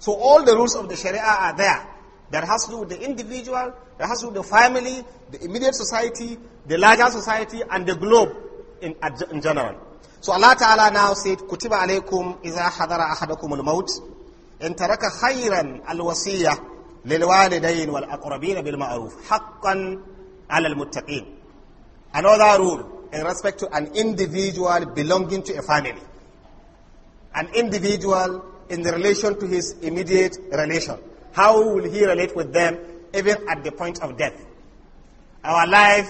So all the rules of the Sharia are there. That has to do with the individual, that has to do with the family, the immediate society, the larger society, and the globe in, in general. So Allah Ta'ala now said, Kutiba alaykum iza hadara ahadakum al-maut, in taraka khayran al-wasiyya lilwalidayn wal aqrabin bil ma'ruf haqqan 'ala al-muttaqin. Another rule in respect to an individual belonging to a family. An individual in relation to his immediate relation. How will he relate with them even at the point of death? Our life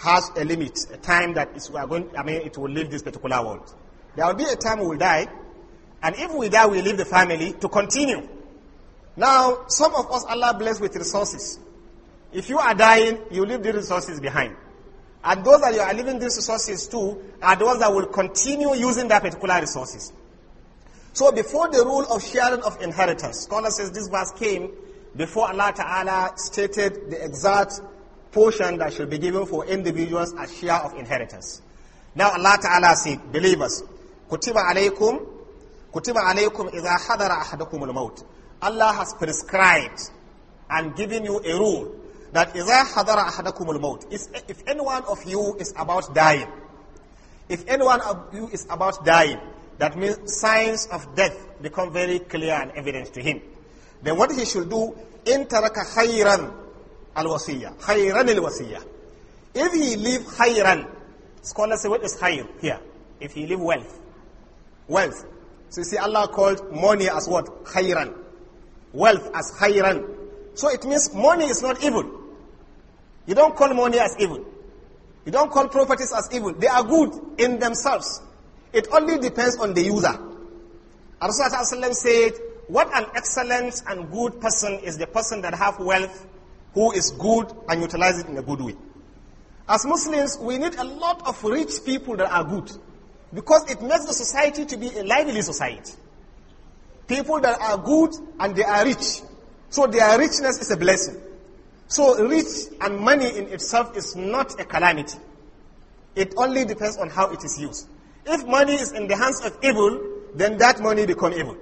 has a limit, a time that is, we are going, I mean, it will leave this particular world. There will be a time we will die, and if we die, we leave the family to continue. Now, some of us, Allah bless with resources. If you are dying, you leave the resources behind. And those that you are leaving these resources to are the ones that will continue using that particular resources. So before the rule of sharing of inheritance, scholars says this verse came before Allah Ta'ala stated the exact portion that should be given for individuals as share of inheritance. Now Allah Ta'ala said, believers, kutiba alaykum, kutiba alaykum idha hadara ahadakum al-maut. Allah has prescribed and given you a rule that idha hadara ahadakum al-maut. If any one of you is about dying, if any one of you is about dying, that means signs of death become very clear and evident to him. Then what he should do, in khayran Al-wasiyya. Khayran al-wasiyya. If he leave khayran, scholars say what is khayr here? If he leave wealth. Wealth. So you see Allah called money as what? Khayran. Wealth as khayran. So it means money is not evil. You don't call money as evil. You don't call properties as evil. They are good in themselves. It only depends on the user. Rasulullah said, what an excellent and good person is the person that have wealth who is good and utilize it in a good way. As Muslims, we need a lot of rich people that are good because it makes the society to be a lively society. People that are good and they are rich. So their richness is a blessing. So rich and money in itself is not a calamity. It only depends on how it is used. If money is in the hands of evil, then that money become evil.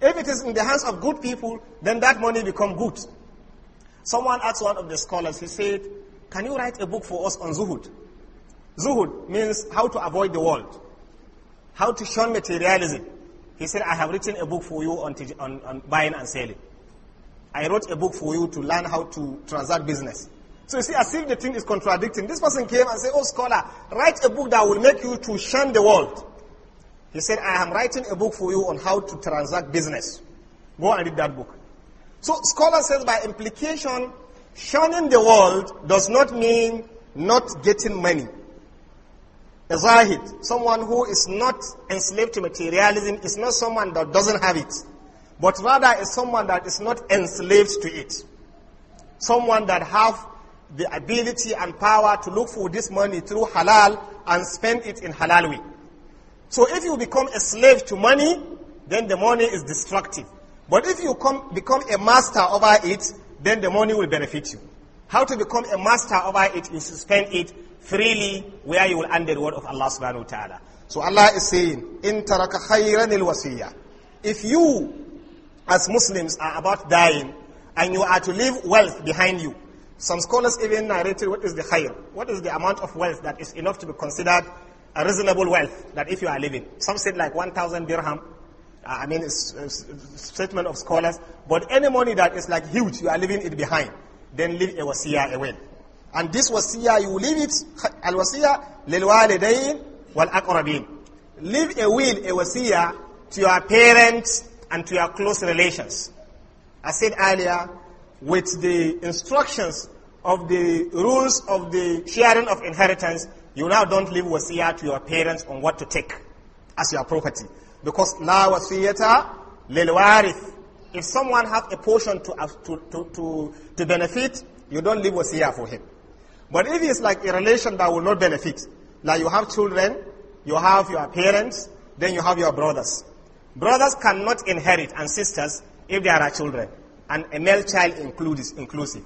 If it is in the hands of good people, then that money become good. Someone asked one of the scholars, he said, Can you write a book for us on Zuhud? Zuhud means how to avoid the world, how to shun materialism. He said, I have written a book for you on, on, on buying and selling. I wrote a book for you to learn how to transact business. So you see, as if the thing is contradicting. This person came and said, Oh, scholar, write a book that will make you to shun the world. He said, I am writing a book for you on how to transact business. Go and read that book. So scholar says by implication, shunning the world does not mean not getting money. A zahid, someone who is not enslaved to materialism, is not someone that doesn't have it, but rather is someone that is not enslaved to it. Someone that have the ability and power to look for this money through halal and spend it in halal way. So if you become a slave to money, then the money is destructive. But if you come, become a master over it, then the money will benefit you. How to become a master over it is to spend it freely where you will earn the reward of Allah subhanahu wa ta'ala. So Allah is saying, In taraka khayran wasiya. If you, as Muslims, are about dying and you are to leave wealth behind you, some scholars even narrated what is the khayr, what is the amount of wealth that is enough to be considered a reasonable wealth that if you are living. Some said like 1,000 dirham, I mean, it's, a statement of scholars. But any money that is like huge, you are leaving it behind. Then leave a wasiya away. And this wasiya, you leave it, al wasiya, lil walidain wal aqrabin. Leave a will, a wasiya, to your parents and to your close relations. I said earlier, with the instructions of the rules of the sharing of inheritance, you now don't leave wasiya to your parents on what to take as your property. Because la wasiyata lil warith. If someone has a portion to, uh, to, to, to, to benefit, you don't leave here for him. But if it's like a relation that will not benefit, like you have children, you have your parents, then you have your brothers. Brothers cannot inherit and sisters if there are children, and a male child includes inclusive.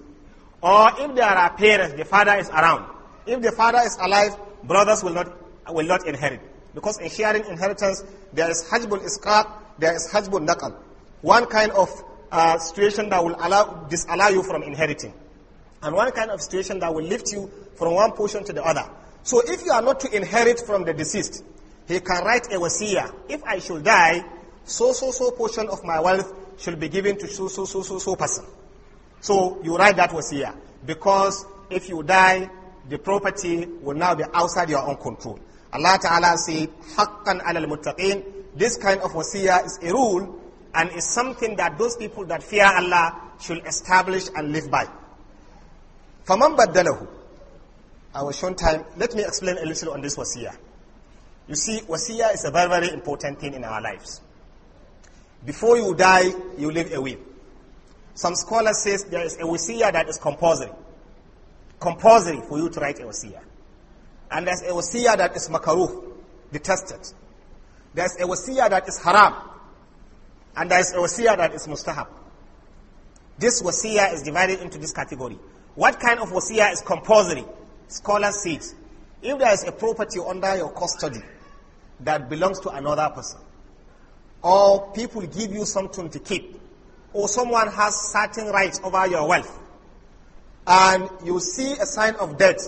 Or if there are parents, the father is around. If the father is alive, brothers will not will not inherit. Because in sharing inheritance, there is hajbun isqaq, there is hajbun naqal. One kind of uh, situation that will allow, disallow you from inheriting. And one kind of situation that will lift you from one portion to the other. So if you are not to inherit from the deceased, he can write a wasiya. If I should die, so, so, so portion of my wealth should be given to so, so, so, so, so person. So you write that wasiya. Because if you die, the property will now be outside your own control. Allah Ta'ala said, Haqqan alal muttaqin. This kind of wasiyah is a rule and is something that those people that fear Allah should establish and live by. فَمَنْ بَدَّلَهُ I was shown time. Let me explain a little on this wasiyah. You see, wasiyah is a very, very important thing in our lives. Before you die, you leave a will. Some scholars say there is a wasiyah that is compulsory. Compulsory for you to write a wasiyah. And there's a wasiyah that is makaruh, detested. There's a wasiyah that is haram. And there's a wasiyah that is mustahab. This wasiyah is divided into this category. What kind of wasiyah is compulsory? Scholars say If there is a property under your custody that belongs to another person, or people give you something to keep, or someone has certain rights over your wealth, and you see a sign of death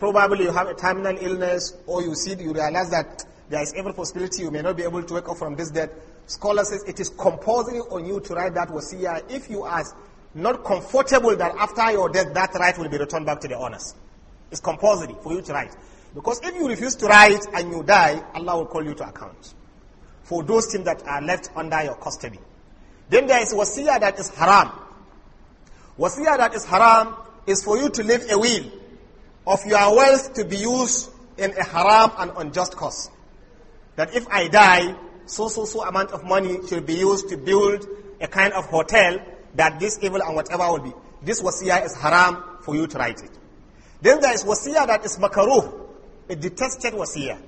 Probably you have a terminal illness or you see, you realize that there is every possibility you may not be able to wake up from this death. Scholar says it is compulsory on you to write that wasiyah if you are not comfortable that after your death that right will be returned back to the owners. It's compulsory for you to write. Because if you refuse to write and you die, Allah will call you to account for those things that are left under your custody. Then there is wasiyah that is haram. Wasiyah that is haram is for you to leave a will of your wealth to be used in a haram and unjust cause. That if I die, so, so, so amount of money should be used to build a kind of hotel that this evil and whatever will be. This wasiyah is haram for you to write it. Then there is wasiyah that is makaruh, a detested wasiyah.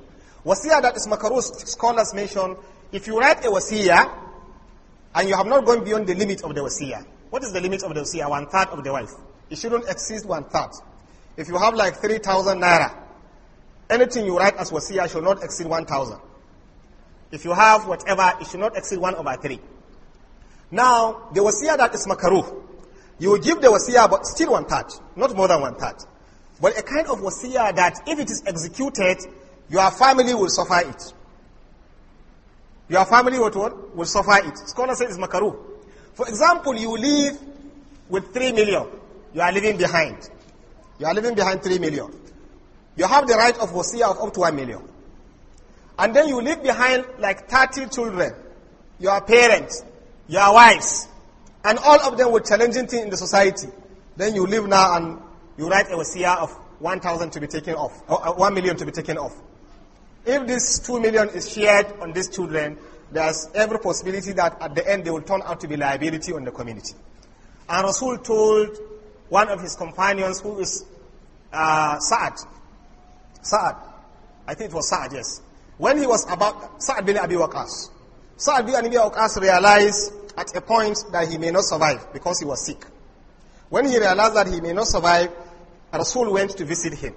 Wasiyah that is makaruh, scholars mention, if you write a wasiyah and you have not gone beyond the limit of the wasiyah, what is the limit of the wasiyah? One third of the wealth. It shouldn't exceed one third. If you have like 3,000 naira, anything you write as wasiya should not exceed 1,000. If you have whatever, it should not exceed 1 over 3. Now, the wasiya that is makaruh, you give the wasiya but still one third, not more than one third. But a kind of wasiya that if it is executed, your family will suffer it. Your family will, will suffer it. Scholars say it's makaruh. For example, you live with 3 million, you are leaving behind. You are leaving behind 3 million. You have the right of Hosea of up to 1 million. And then you leave behind like 30 children, your parents, your wives, and all of them with challenging things in the society. Then you leave now and you write a Hosea of 1,000 to be taken off, or uh, 1 million to be taken off. If this 2 million is shared on these children, there's every possibility that at the end they will turn out to be liability on the community. And Rasul told one of his companions who is uh, Sa'ad. Sa'ad. I think it was Sa'ad, yes. When he was about, Sa'ad bin Abi Waqas. Sa'ad bin Abi Waqas realized at a point that he may not survive because he was sick. When he realized that he may not survive, Rasul went to visit him.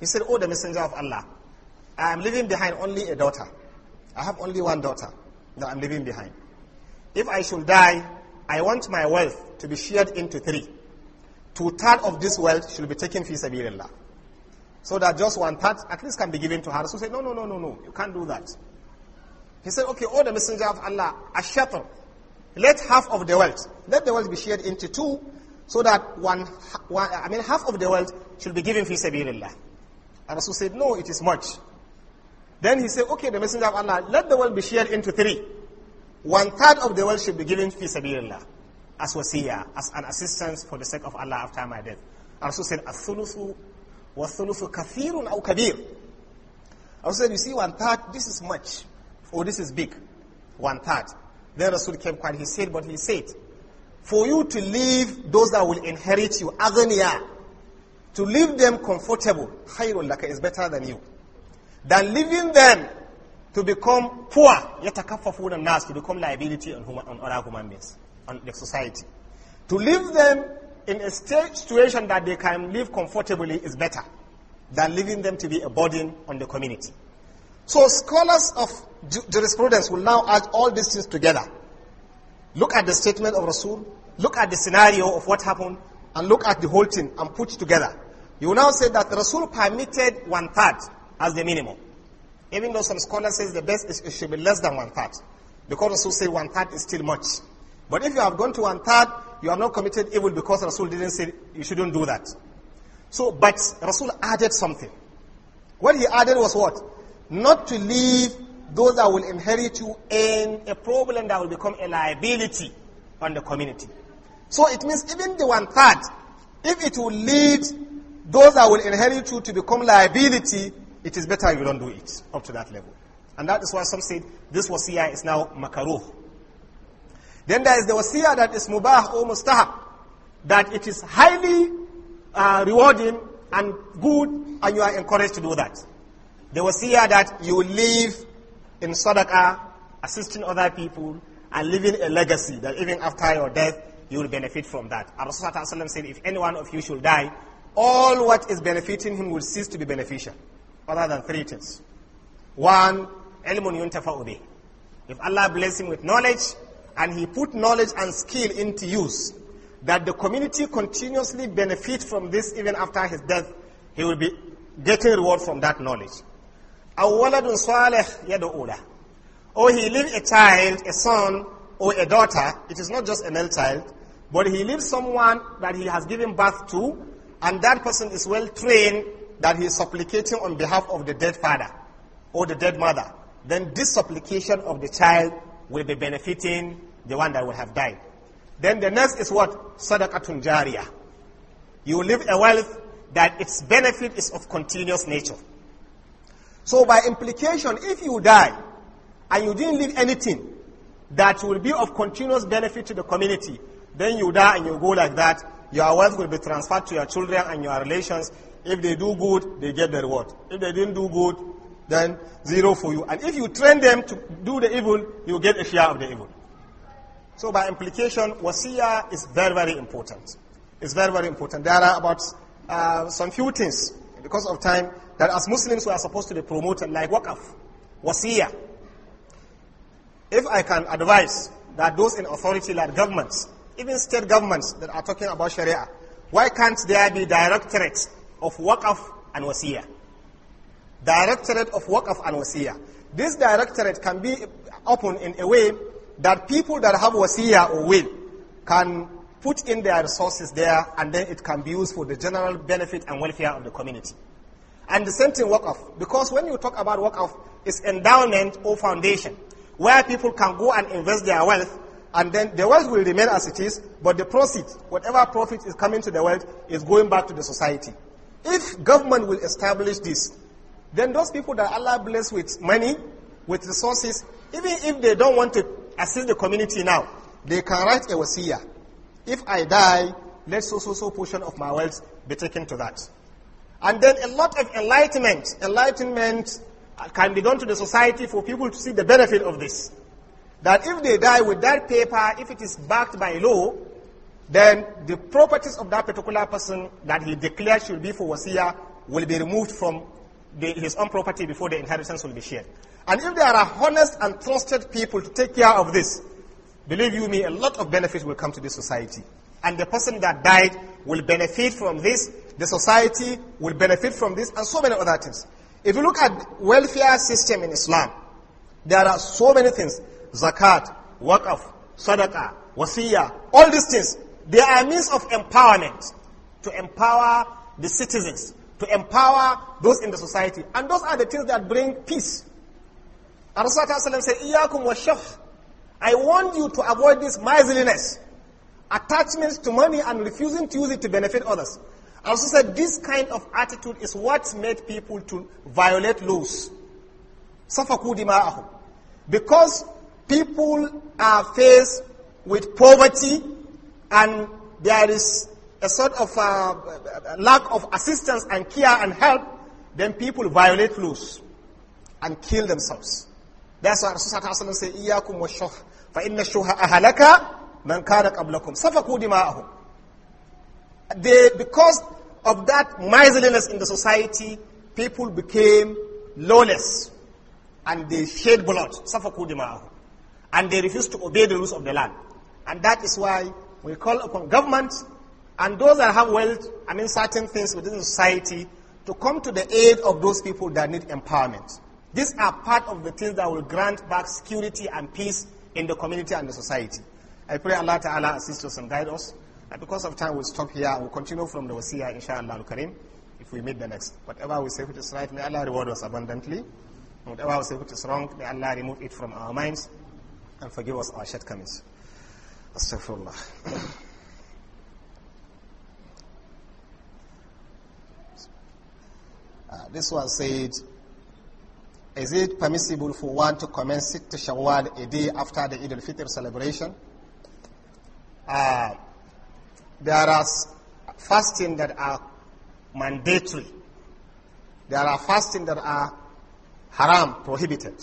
He said, Oh, the messenger of Allah, I am leaving behind only a daughter. I have only one daughter that I'm leaving behind. If I should die, I want my wealth to be shared into three two-third of this wealth should be taken fi sabilillah. So that just one-third at least can be given to her. So said, no, no, no, no, no, you can't do that. He said, okay, all the messenger of Allah, ashatr, let half of the wealth, let the wealth be shared into two, so that one, one I mean, half of the wealth should be given fi sabilillah. And Rasul said, no, it is much. Then he said, okay, the messenger of Allah, let the wealth be shared into three. One third of the wealth should be given fi sabilillah as here, as an assistance for the sake of Allah after my death. Rasul said, Al-thuluthu was thuluthu kathirun aw kabir. Rasul said, you see one third, this is much, or this is big, one third. Then Rasul came quiet, he said "But he said. For you to leave those that will inherit you, agniya, to leave them comfortable, khairun laka is better than you. Than leaving them to become poor, yet and nas, to become liability on, human, on other human beings on the society. To leave them in a situation that they can live comfortably is better than leaving them to be a burden on the community. So scholars of jurisprudence will now add all these things together. Look at the statement of Rasul, look at the scenario of what happened, and look at the whole thing and put together. You will now say that Rasul permitted one third as the minimum. Even though some scholars say the best is it should be less than one third. Because Rasul said one third is still much. But if you have gone to one third, you have not committed evil because Rasul didn't say you shouldn't do that. So, but Rasul added something. What he added was what? Not to leave those that will inherit you in a problem that will become a liability on the community. So it means even the one third, if it will lead those that will inherit you to become liability, it is better you don't do it up to that level. And that is why some said this was here is now makaruh. Then there is the wasiyah that is mubah or mustahab, that it is highly uh, rewarding and good, and you are encouraged to do that. The wasiyah that you live in sadaqah, assisting other people, and leaving a legacy that even after your death, you will benefit from that. And Rasulullah said, if any one of you should die, all what is benefiting him will cease to be beneficial, other than three things. One, ilmun yuntafa'u If Allah bless him with knowledge, and he put knowledge and skill into use, that the community continuously benefit from this even after his death, he will be getting reward from that knowledge. أَوَّلَدٌ صَالِحٌ يَدْعُو Or he leave a child, a son, or a daughter, it is not just a male child, but he leaves someone that he has given birth to, and that person is well trained that he is supplicating on behalf of the dead father or the dead mother. Then this supplication of the child will be benefiting the one that will have died. Then the next is what? Sadaqatun jariyah. You leave a wealth that its benefit is of continuous nature. So by implication, if you die and you didn't leave anything that will be of continuous benefit to the community, then you die and you go like that, your wealth will be transferred to your children and your relations. If they do good, they get the reward. If they didn't do good, then zero for you. And if you train them to do the evil, you get a share of the evil. So by implication, wasiya is very, very important. It's very, very important. There are about uh, some few things, because of time, that as Muslims we are supposed to be promoted, like wakaf, wasiya. If I can advise that those in authority like governments, even state governments that are talking about Sharia, why can't there be directorates of wakaf and wasiya? Directorate of Work of Wasiyah. This directorate can be open in a way that people that have Wasiyah or will can put in their resources there and then it can be used for the general benefit and welfare of the community. And the same thing work of because when you talk about work of, it's endowment or foundation where people can go and invest their wealth and then the wealth will remain as it is, but the proceeds, whatever profit is coming to the wealth, is going back to the society. If government will establish this, then those people that Allah bless with money, with resources, even if they don't want to assist the community now, they can write a wasiyah. If I die, let so so so portion of my wealth be taken to that. And then a lot of enlightenment, enlightenment can be done to the society for people to see the benefit of this. That if they die with that paper, if it is backed by law, then the properties of that particular person that he declared should be for wasiyah will be removed from the, his own property before the inheritance will be shared. And if there are honest and trusted people to take care of this, believe you me, a lot of benefits will come to this society. And the person that died will benefit from this, the society will benefit from this, and so many other things. If you look at welfare system in Islam, there are so many things. Zakat, waqf, sadaqah, wasiyah, all these things. They are means of empowerment to empower the citizens to empower those in the society. And those are the things that bring peace. And Rasulullah said, Iyakum wa shaf. I want you to avoid this miserliness, attachments to money and refusing to use it to benefit others. I also said this kind of attitude is what made people to violate laws. Because people are faced with poverty and there is a sort of uh, lack of assistance and care and help, then people violate laws and kill themselves. That's why Rasulullah says, إِيَّاكُمْ وَالشُّهْ فَإِنَّ الشُّهَ أَهَلَكَ مَنْ كَانَ قَبْلَكُمْ سَفَكُوا دِمَاءَهُمْ they, Because of that miserliness in the society, people became lawless and they shed blood. سَفَكُوا دِمَاءَهُمْ And they refused to obey the rules of the land. And that is why we call upon government and those that have wealth, I mean certain things within society, to come to the aid of those people that need empowerment. These are part of the things that will grant back security and peace in the community and the society. I pray Allah Ta'ala assist us and guide us. And because of time, we'll stop here we'll continue from the wasiyah, inshallah al Karim. if we meet the next. Whatever we say which is right, may Allah reward us abundantly. Whatever we say which is wrong, may Allah remove it from our minds and forgive us our shortcomings. Astaghfirullah. Uh, this one said, is it permissible for one to commence to Shawwal a day after the Eid al-Fitr celebration? Uh, there are fasting that are mandatory. There are fasting that are haram, prohibited.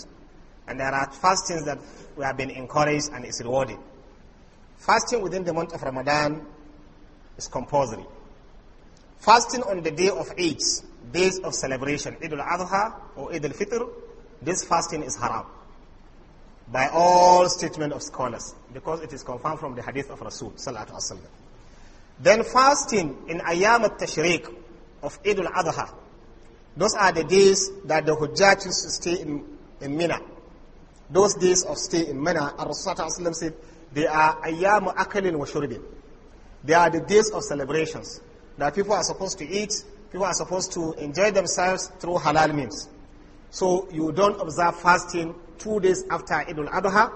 And there are fastings that we have been encouraged and is rewarded. Fasting within the month of Ramadan is compulsory. Fasting on the day of Eid days of celebration, Eid al-Adha or Eid al-Fitr, this fasting is haram by all statement of scholars because it is confirmed from the hadith of Rasul sallallahu alaihi wasallam. Then fasting in ayam al-tashriq of Eid al-Adha, those are the days that the Hujjah used to stay in, in Mina. Those days of stay in Mina, Rasul sallallahu said, they are ayam akalin wa They are the days of celebrations that people are supposed to eat people are supposed to enjoy themselves through halal means. So you don't observe fasting two days after Eid al-Adha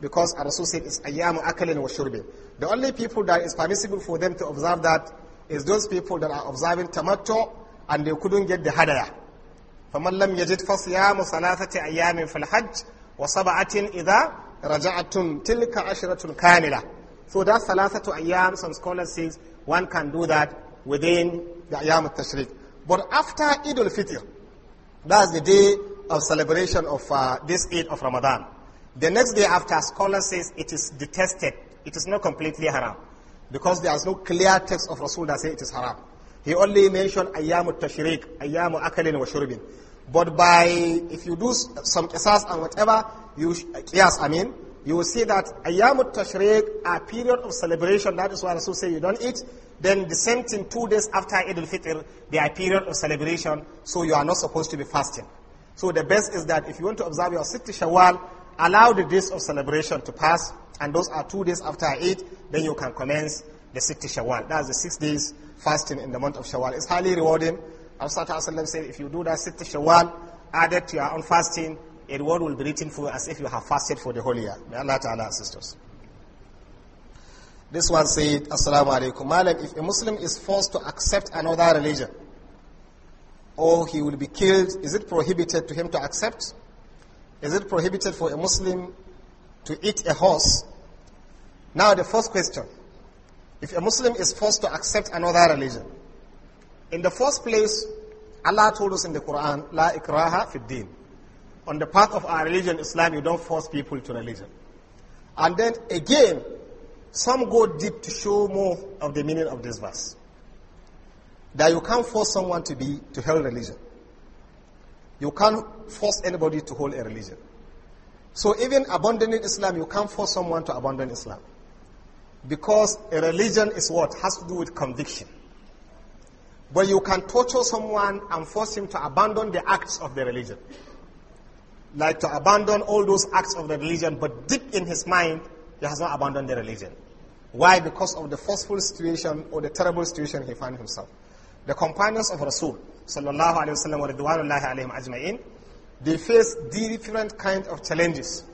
because our Rasul said it's ayyamu akalin wa shurbin. The only people that is permissible for them to observe that is those people that are observing tamattu and they couldn't get the hadaya. فَمَنْ لَمْ يَجِدْ فَصِيَامُ ثَلَاثَةِ أَيَّامٍ فِي الْحَجِّ وَسَبَعَةٍ إِذَا رَجَعَتُمْ تِلْكَ عَشْرَةٌ كَامِلَةٌ So that's ثَلَاثَةُ أَيَّام, some scholars say one can do that within the Ayam al But after Eid al-Fitr, that's the day of celebration of uh, this Eid of Ramadan. The next day after, scholar says it is detested. It is not completely haram. Because there is no clear text of Rasul that says it is haram. He only mentioned Ayam tashriq, Ayam akalin wa Shurubin. But by, if you do some qisas and whatever, you, I mean, you will see that Ayam tashriq, a period of celebration, that is why Rasul say you don't eat. Then the same thing, two days after Eid al-Fitr, there are period of celebration, so you are not supposed to be fasting. So the best is that if you want to observe your Sitti Shawwal, allow the days of celebration to pass, and those are two days after Eid, then you can commence the Sitti Shawwal. That's the six days fasting in the month of Shawwal. It's highly rewarding. Rasulullah said, if you do that Sitti Shawwal, added to your own fasting, a reward will be written for you as if you have fasted for the whole year. May Allah Ta'ala assist us. This one said, Assalamu alaikum. Malam, if a Muslim is forced to accept another religion, or he will be killed, is it prohibited to him to accept? Is it prohibited for a Muslim to eat a horse? Now the first question. If a Muslim is forced to accept another religion, in the first place, Allah told us in the Quran, La ikraha fid din. On the path of our religion, Islam, you don't force people to religion. And then again, some go deep to show more of the meaning of this verse. That you can't force someone to be to hold religion. You can't force anybody to hold a religion. So even abandoning Islam, you can't force someone to abandon Islam. Because a religion is what? Has to do with conviction. But you can torture someone and force him to abandon the acts of the religion. Like to abandon all those acts of the religion, but deep in his mind, he has not abandoned the religion. Why? Because of the forceful situation or the terrible situation he found himself. The companions of Rasul, sallallahu alayhi wasallam, wa ridwanullahi alayhim ajma'in, they faced different kinds of challenges.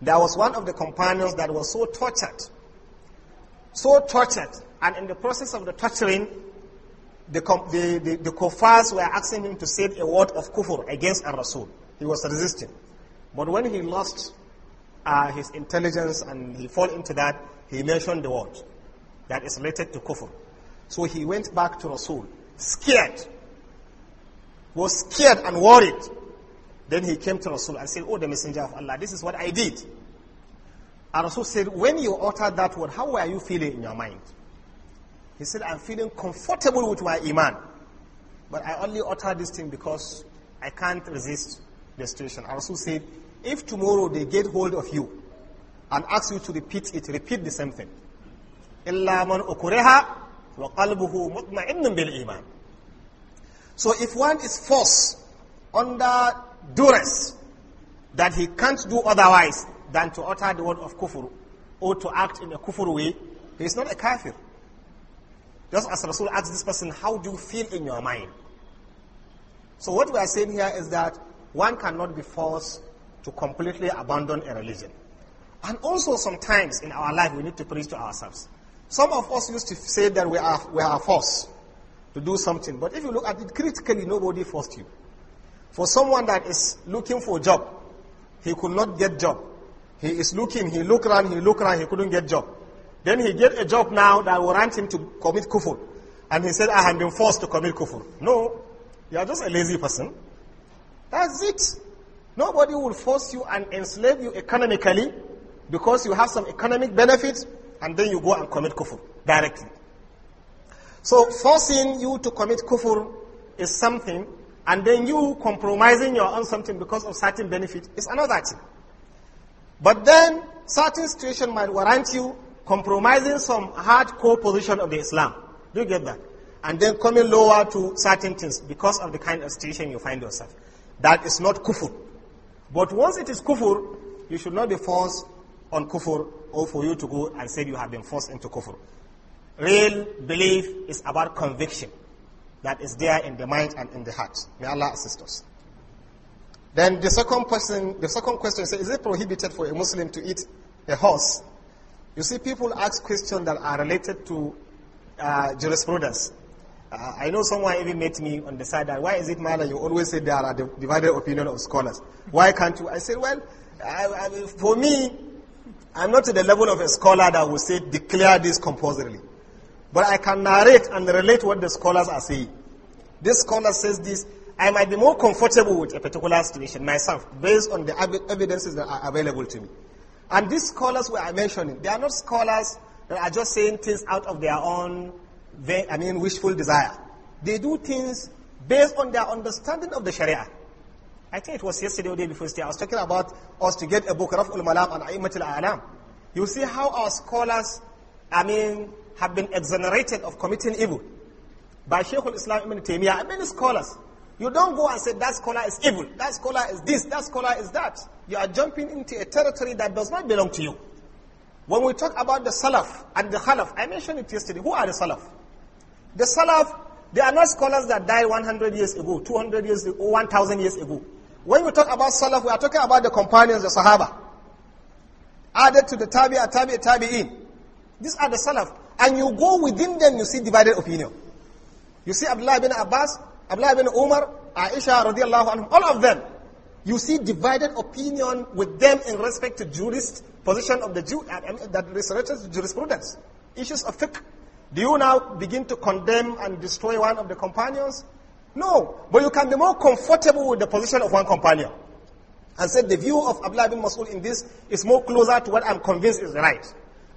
There was one of the companions that was so tortured, so tortured, and in the process of the torturing, the, the, the, the kuffars were asking him to say a word of kufr against Rasul. He was resisting. But when he lost uh, his intelligence and he fall into that, he mentioned the word that is related to kufr. So he went back to Rasul, scared, was scared and worried. Then he came to Rasul and said, Oh, the messenger of Allah, this is what I did. And Rasul said, When you uttered that word, how were you feeling in your mind? He said, I'm feeling comfortable with my iman. But I only uttered this thing because I can't resist the situation. And Rasul said, if tomorrow they get hold of you and ask you to repeat it, repeat the same thing. إِلَّا مَنْ أُكُرِهَا وَقَلْبُهُ مُطْمَئِنٌ بِالْإِيمَانِ So if one is forced under duress that he can't do otherwise than to utter the word of kufr or to act in a kufr way, he is not a kafir. Just as Rasul asks this person, how do you feel in your mind? So what we are saying here is that one cannot be forced to completely abandon a religion. And also sometimes in our life we need to preach to ourselves. Some of us used to say that we are, we are forced to do something. But if you look at it critically, nobody forced you. For someone that is looking for a job, he could not get job. He is looking, he looked around, he looked around, he couldn't get job. Then he get a job now that warrants him to commit kufur. And he said, I have been forced to commit kufur. No, you are just a lazy person. That's it. Nobody will force you and enslave you economically because you have some economic benefits and then you go and commit kufr directly. So forcing you to commit kufr is something and then you compromising your own something because of certain benefit is another thing. But then certain situation might warrant you compromising some hardcore position of the Islam. Do you get that? And then coming lower to certain things because of the kind of situation you find yourself. That is not kufr. But once it is kufur, you should not be forced on kufur or for you to go and say you have been forced into kufur. Real belief is about conviction that is there in the mind and in the heart. May Allah assist us. Then the second the second question is, is it prohibited for a Muslim to eat a horse? You see, people ask questions that are related to uh, jurisprudence. Uh, I know someone even met me on the side that, why is it, Mala, you always say there are the divided opinion of scholars? Why can't you? I said, well, I, I, for me, I'm not to the level of a scholar that will say, declare this compulsorily. But I can narrate and relate what the scholars are saying. This scholar says this. I might be more comfortable with a particular situation myself, based on the evidences that are available to me. And these scholars were I mentioning, they are not scholars that are just saying things out of their own they, I mean, wishful desire. They do things based on their understanding of the Sharia. I think it was yesterday or day before yesterday, I was talking about us to get a book, Raf'ul Malam and Aimatul A'lam. You see how our scholars, I mean, have been exonerated of committing evil. By Shaykh al-Islam Ibn Taymiyyah many scholars. You don't go and say, that scholar is evil, that scholar is this, that scholar is that. You are jumping into a territory that does not belong to you. When we talk about the Salaf and the Khalaf, I mentioned it yesterday. Who are the Salaf? The Salaf, they are not scholars that died 100 years ago, 200 years ago, 1,000 years ago. When we talk about Salaf, we are talking about the companions, the Sahaba. Added to the Tabi'a, Tabi'a, Tabi'in. These are the Salaf. And you go within them, you see divided opinion. You see Abdullah ibn Abbas, Abdullah ibn Umar, Aisha radiallahu all of them. You see divided opinion with them in respect to jurist, position of the Jew, that to jurisprudence, issues of fiqh. Do you now begin to condemn and destroy one of the companions? No. But you can be more comfortable with the position of one companion. And said the view of Abdullah bin Mas'ud in this is more closer to what I'm convinced is right.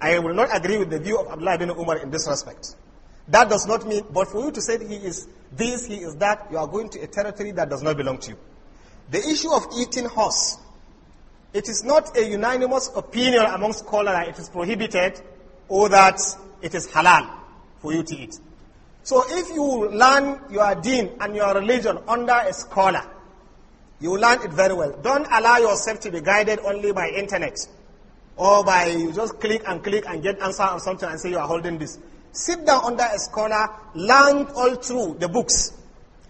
I will not agree with the view of Abdullah bin Umar in this respect. That does not mean, but for you to say he is this, he is that, you are going to a territory that does not belong to you. The issue of eating horse, it is not a unanimous opinion among scholars that it is prohibited or that it is halal for you to eat. So if you learn your deen and your religion under a scholar, you learn it very well. Don't allow yourself to be guided only by internet or by you just click and click and get answer or something and say you are holding this. Sit down under a scholar, learn all through the books.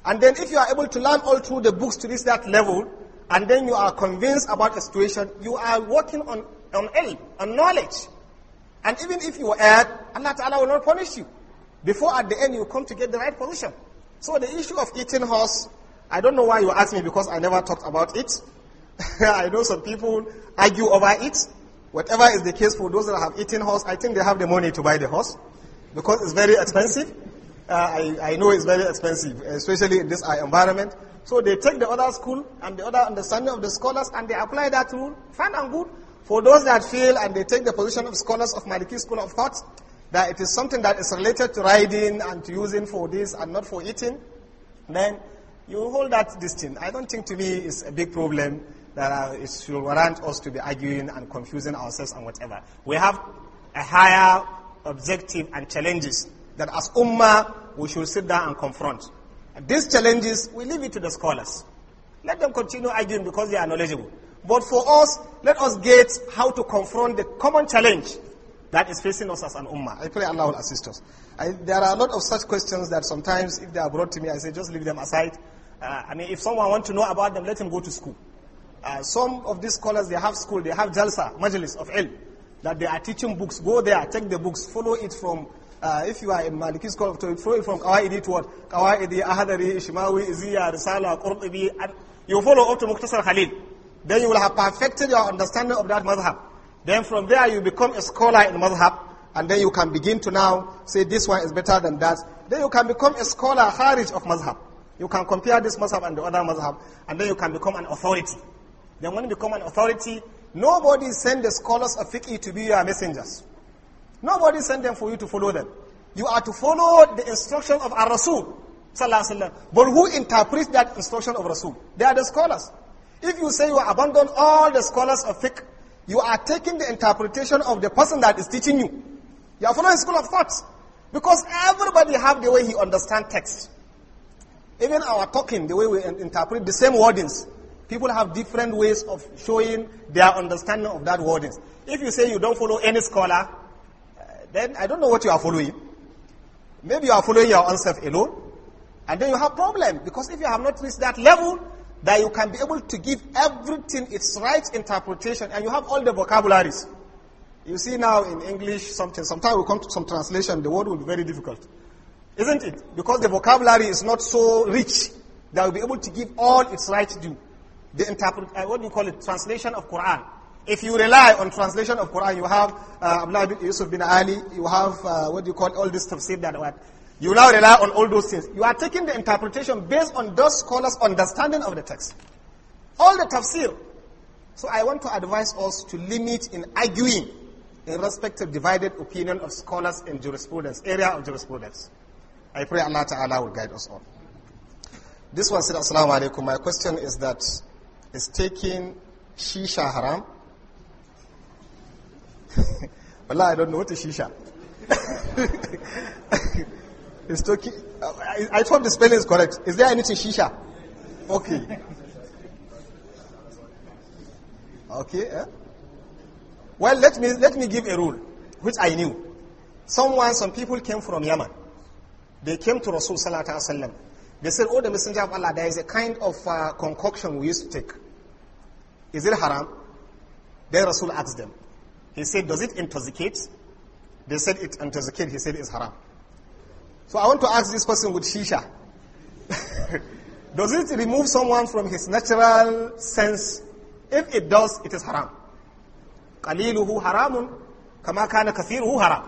And then if you are able to learn all through the books to this that level, and then you are convinced about a situation, you are working on, on ilm, on knowledge. And even if you add, Allah Ta'ala will not punish you before at the end you come to get the right position. So the issue of eating horse, I don't know why you ask me because I never talked about it. I know some people argue over it. Whatever is the case for those that have eaten horse, I think they have the money to buy the horse because it's very expensive. Uh, I, I know it's very expensive, especially in this environment. So they take the other school and the other understanding of the scholars and they apply that rule, fine and good. For those that fail and they take the position of scholars of Maliki school of thought, that it is something that is related to riding and to using for this and not for eating, then you hold that distinct. I don't think to me it's a big problem that uh, it should warrant us to be arguing and confusing ourselves and whatever. We have a higher objective and challenges that as ummah we should sit down and confront. And these challenges, we leave it to the scholars. Let them continue arguing because they are knowledgeable. But for us, let us get how to confront the common challenge that is facing us as an ummah. I pray Allah will assist us. I, there are a lot of such questions that sometimes if they are brought to me, I say just leave them aside. Uh, I mean, if someone wants to know about them, let him go to school. Uh, some of these scholars, they have school, they have jalsa, majlis of El that they are teaching books. Go there, take the books, follow it from, uh, if you are a Maliki scholar, follow it from Qawaidi to what? Qawaidi, Ahadari, Ishmawi, Iziya, Risala, Qurtubi, you follow up to Muqtasar Khalil. Then you will have perfected your understanding of that madhab. Then from there you become a scholar in madhab, and then you can begin to now say this one is better than that. Then you can become a scholar, kharij of mazhab. You can compare this mazhab and the other mazhab, and then you can become an authority. Then when you become an authority, nobody send the scholars of fiqh to be your messengers. Nobody send them for you to follow them. You are to follow the instruction of our Rasul. But who interprets that instruction of Rasul? They are the scholars. If you say you abandon all the scholars of fiqh you are taking the interpretation of the person that is teaching you. You are following school of thought. Because everybody have the way he understand text. Even our talking, the way we interpret the same wordings. People have different ways of showing their understanding of that wordings. If you say you don't follow any scholar, eh, then I don't know what you are following. Maybe you are following your own self alone. And then you have problem. Because if you have not reached that level, that you can be able to give everything its right interpretation and you have all the vocabularies. You see now in English something, sometimes we come to some translation, the word will be very difficult. Isn't it? Because the vocabulary is not so rich that will be able to give all its right due. The interpret, uh, what do you call it? Translation of Quran. If you rely on translation of Quran, you have uh, Abdullah Yusuf bin Ali, you have, uh, what do you call all this tafsir that what? You now rely on all those things. You are taking the interpretation based on those scholars' understanding of the text. All the tafsir. So I want to advise us to limit in arguing in respect of divided opinion of scholars in jurisprudence, area of jurisprudence. I pray Allah Ta'ala will guide us all. This one said, Assalamu alaikum. My question is that is taking shisha haram? Allah, I don't know what is shisha. It's Turkey. Uh, I, I thought the spelling is correct. Is there anything shisha? Okay. Okay. Eh? Well, let me let me give a rule, which I knew. Someone, some people came from Yemen. They came to Rasul Sallallahu Alaihi Wasallam. They said, "Oh, the Messenger of Allah, there is a kind of uh, concoction we used to take. Is it haram?" Then Rasul asked them. He said, "Does it intoxicate?" They said, "It intoxicates." He said, "It's haram." So I want to ask this person with shisha. does it remove someone from his natural sense? If it does, it is haram. قَلِيلُهُ haramun, كَمَا كَانَ كَثِيرُهُ haram.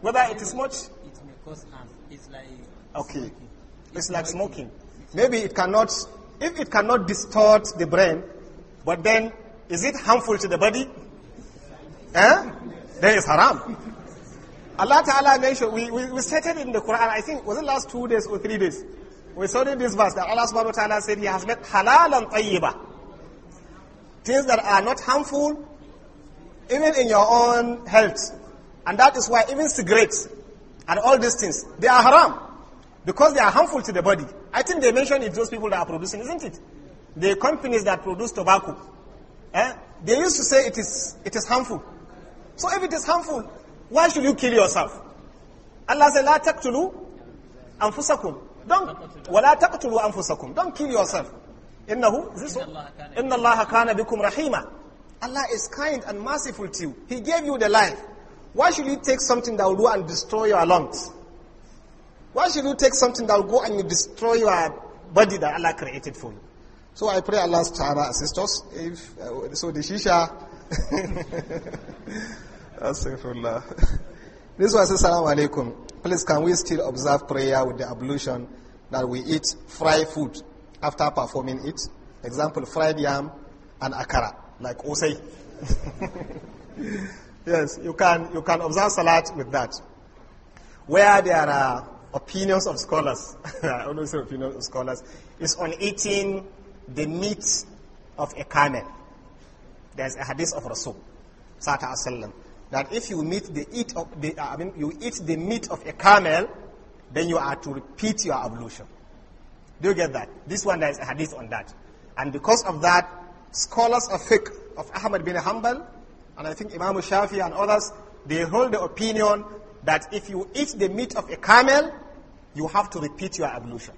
Whether it is much? It may cause harm. It's like Okay. Smoking. It's, it's like smoking. smoking. Maybe it cannot, if it cannot distort the brain, but then is it harmful to the body? eh? Then it's haram. Allah Ta'ala mentioned, we, we, we stated in the Quran, I think, was it last two days or three days? We studied this verse that Allah Subhanahu Wa Ta'ala said, He has made halal and tayyiba. Things that are not harmful, even in your own health. And that is why even cigarettes and all these things, they are haram. Because they are harmful to the body. I think they mentioned it, those people that are producing, isn't it? The companies that produce tobacco. Eh? They used to say it is, it is harmful. So if it is harmful, why should you kill yourself? Allah said, La taqtulu anfusakum. Don't, وَلَا تقتلوا أَنفُسَكُمْ Don't kill yourself. إِنَّهُ this Inna Allah كَانَ bikum rahima. Allah is kind and merciful to you. He gave you the life. Why should you take something that will go and destroy your lungs? Why should you take something that will go and destroy your body that Allah created for you? So I pray Allah's Ta'ala assist us. If, uh, so the Shisha... Astaghfirullah. this one says, alaikum. Please, can we still observe prayer with the ablution that we eat fried food after performing it? Example, fried yam and akara, like osei. yes, you can, you can observe salat with that. Where there are opinions of scholars, I don't say opinions of scholars, is on eating the meat of a camel. There's a hadith of Rasul, Sallallahu Alaihi Wasallam, that if you meet the eat of the, uh, I mean, you eat the meat of a camel, then you are to repeat your ablution. Do you get that? This one there is a hadith on that, and because of that, scholars of fiqh of Ahmad bin Hanbal and I think Imam Shafi and others they hold the opinion that if you eat the meat of a camel, you have to repeat your ablution.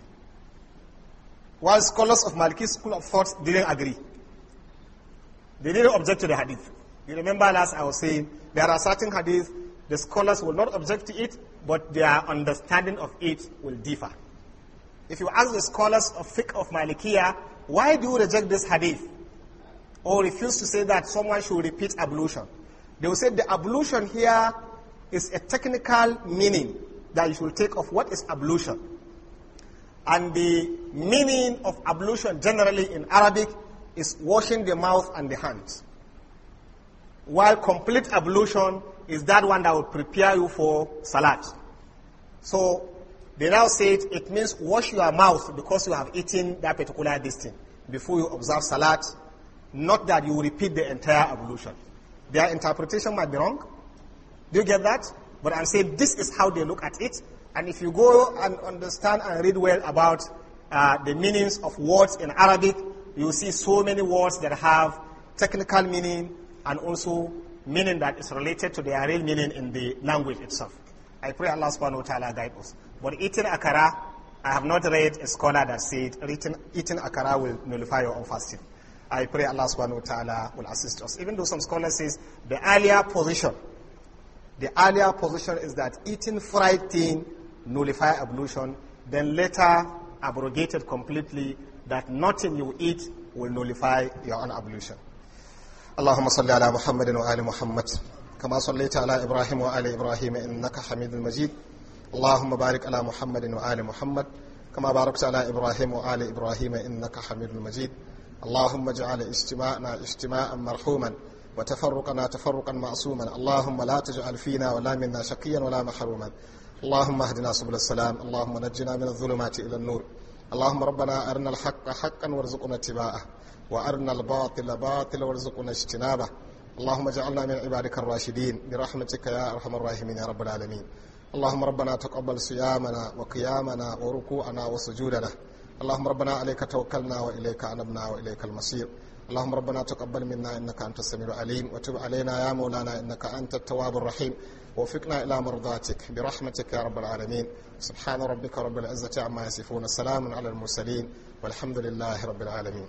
While scholars of Maliki school of thought didn't agree. They didn't object to the hadith. You remember last I was saying, there are certain hadiths, the scholars will not object to it, but their understanding of it will differ. If you ask the scholars of fiqh of Malikiya, why do you reject this hadith? Or refuse to say that someone should repeat ablution. They will say the ablution here is a technical meaning that you should take of what is ablution. And the meaning of ablution generally in Arabic is washing the mouth and the hands. While complete ablution is that one that will prepare you for salat. So they now say it, means wash your mouth because you have eaten that particular distance before you observe salat, not that you repeat the entire ablution. Their interpretation might be wrong. Do you get that? But I'm saying this is how they look at it. And if you go and understand and read well about uh, the meanings of words in Arabic, you see so many words that have technical meaning and also meaning that is related to their real meaning in the language itself. I pray Allah subhanahu wa ta'ala guide us. But eating akara, I have not read a scholar that said eating, eating akara will nullify your own fasting. I pray Allah subhanahu wa ta'ala will assist us. Even though some scholars say the earlier position, the earlier position is that eating fried thing nullify ablution, then later abrogated completely that nothing you eat will nullify your own ablution. اللهم صل على محمد وآل محمد كما صليت على إبراهيم وآل إبراهيم إنك حميد مجيد اللهم بارك على محمد وآل محمد كما باركت على إبراهيم وآل إبراهيم إنك حميد مجيد اللهم اجعل اجتماعنا اجتماعا مرحوما وتفرقنا تفرقا معصوما اللهم لا تجعل فينا ولا منا شقيا ولا محروما اللهم اهدنا سبل السلام اللهم نجنا من الظلمات إلى النور اللهم ربنا أرنا الحق حقا وارزقنا اتباعه وأرنا الباطل باطل وارزقنا اجتنابه اللهم اجعلنا من عبادك الراشدين برحمتك يا أرحم الراحمين يا رب العالمين اللهم ربنا تقبل صيامنا وقيامنا وركوعنا وسجودنا اللهم ربنا عليك توكلنا وإليك أنبنا وإليك المصير اللهم ربنا تقبل منا إنك أنت السميع العليم وتب علينا يا مولانا إنك أنت التواب الرحيم وفقنا إلى مرضاتك برحمتك يا رب العالمين سبحان ربك رب العزة عما يصفون سلام على المرسلين والحمد لله رب العالمين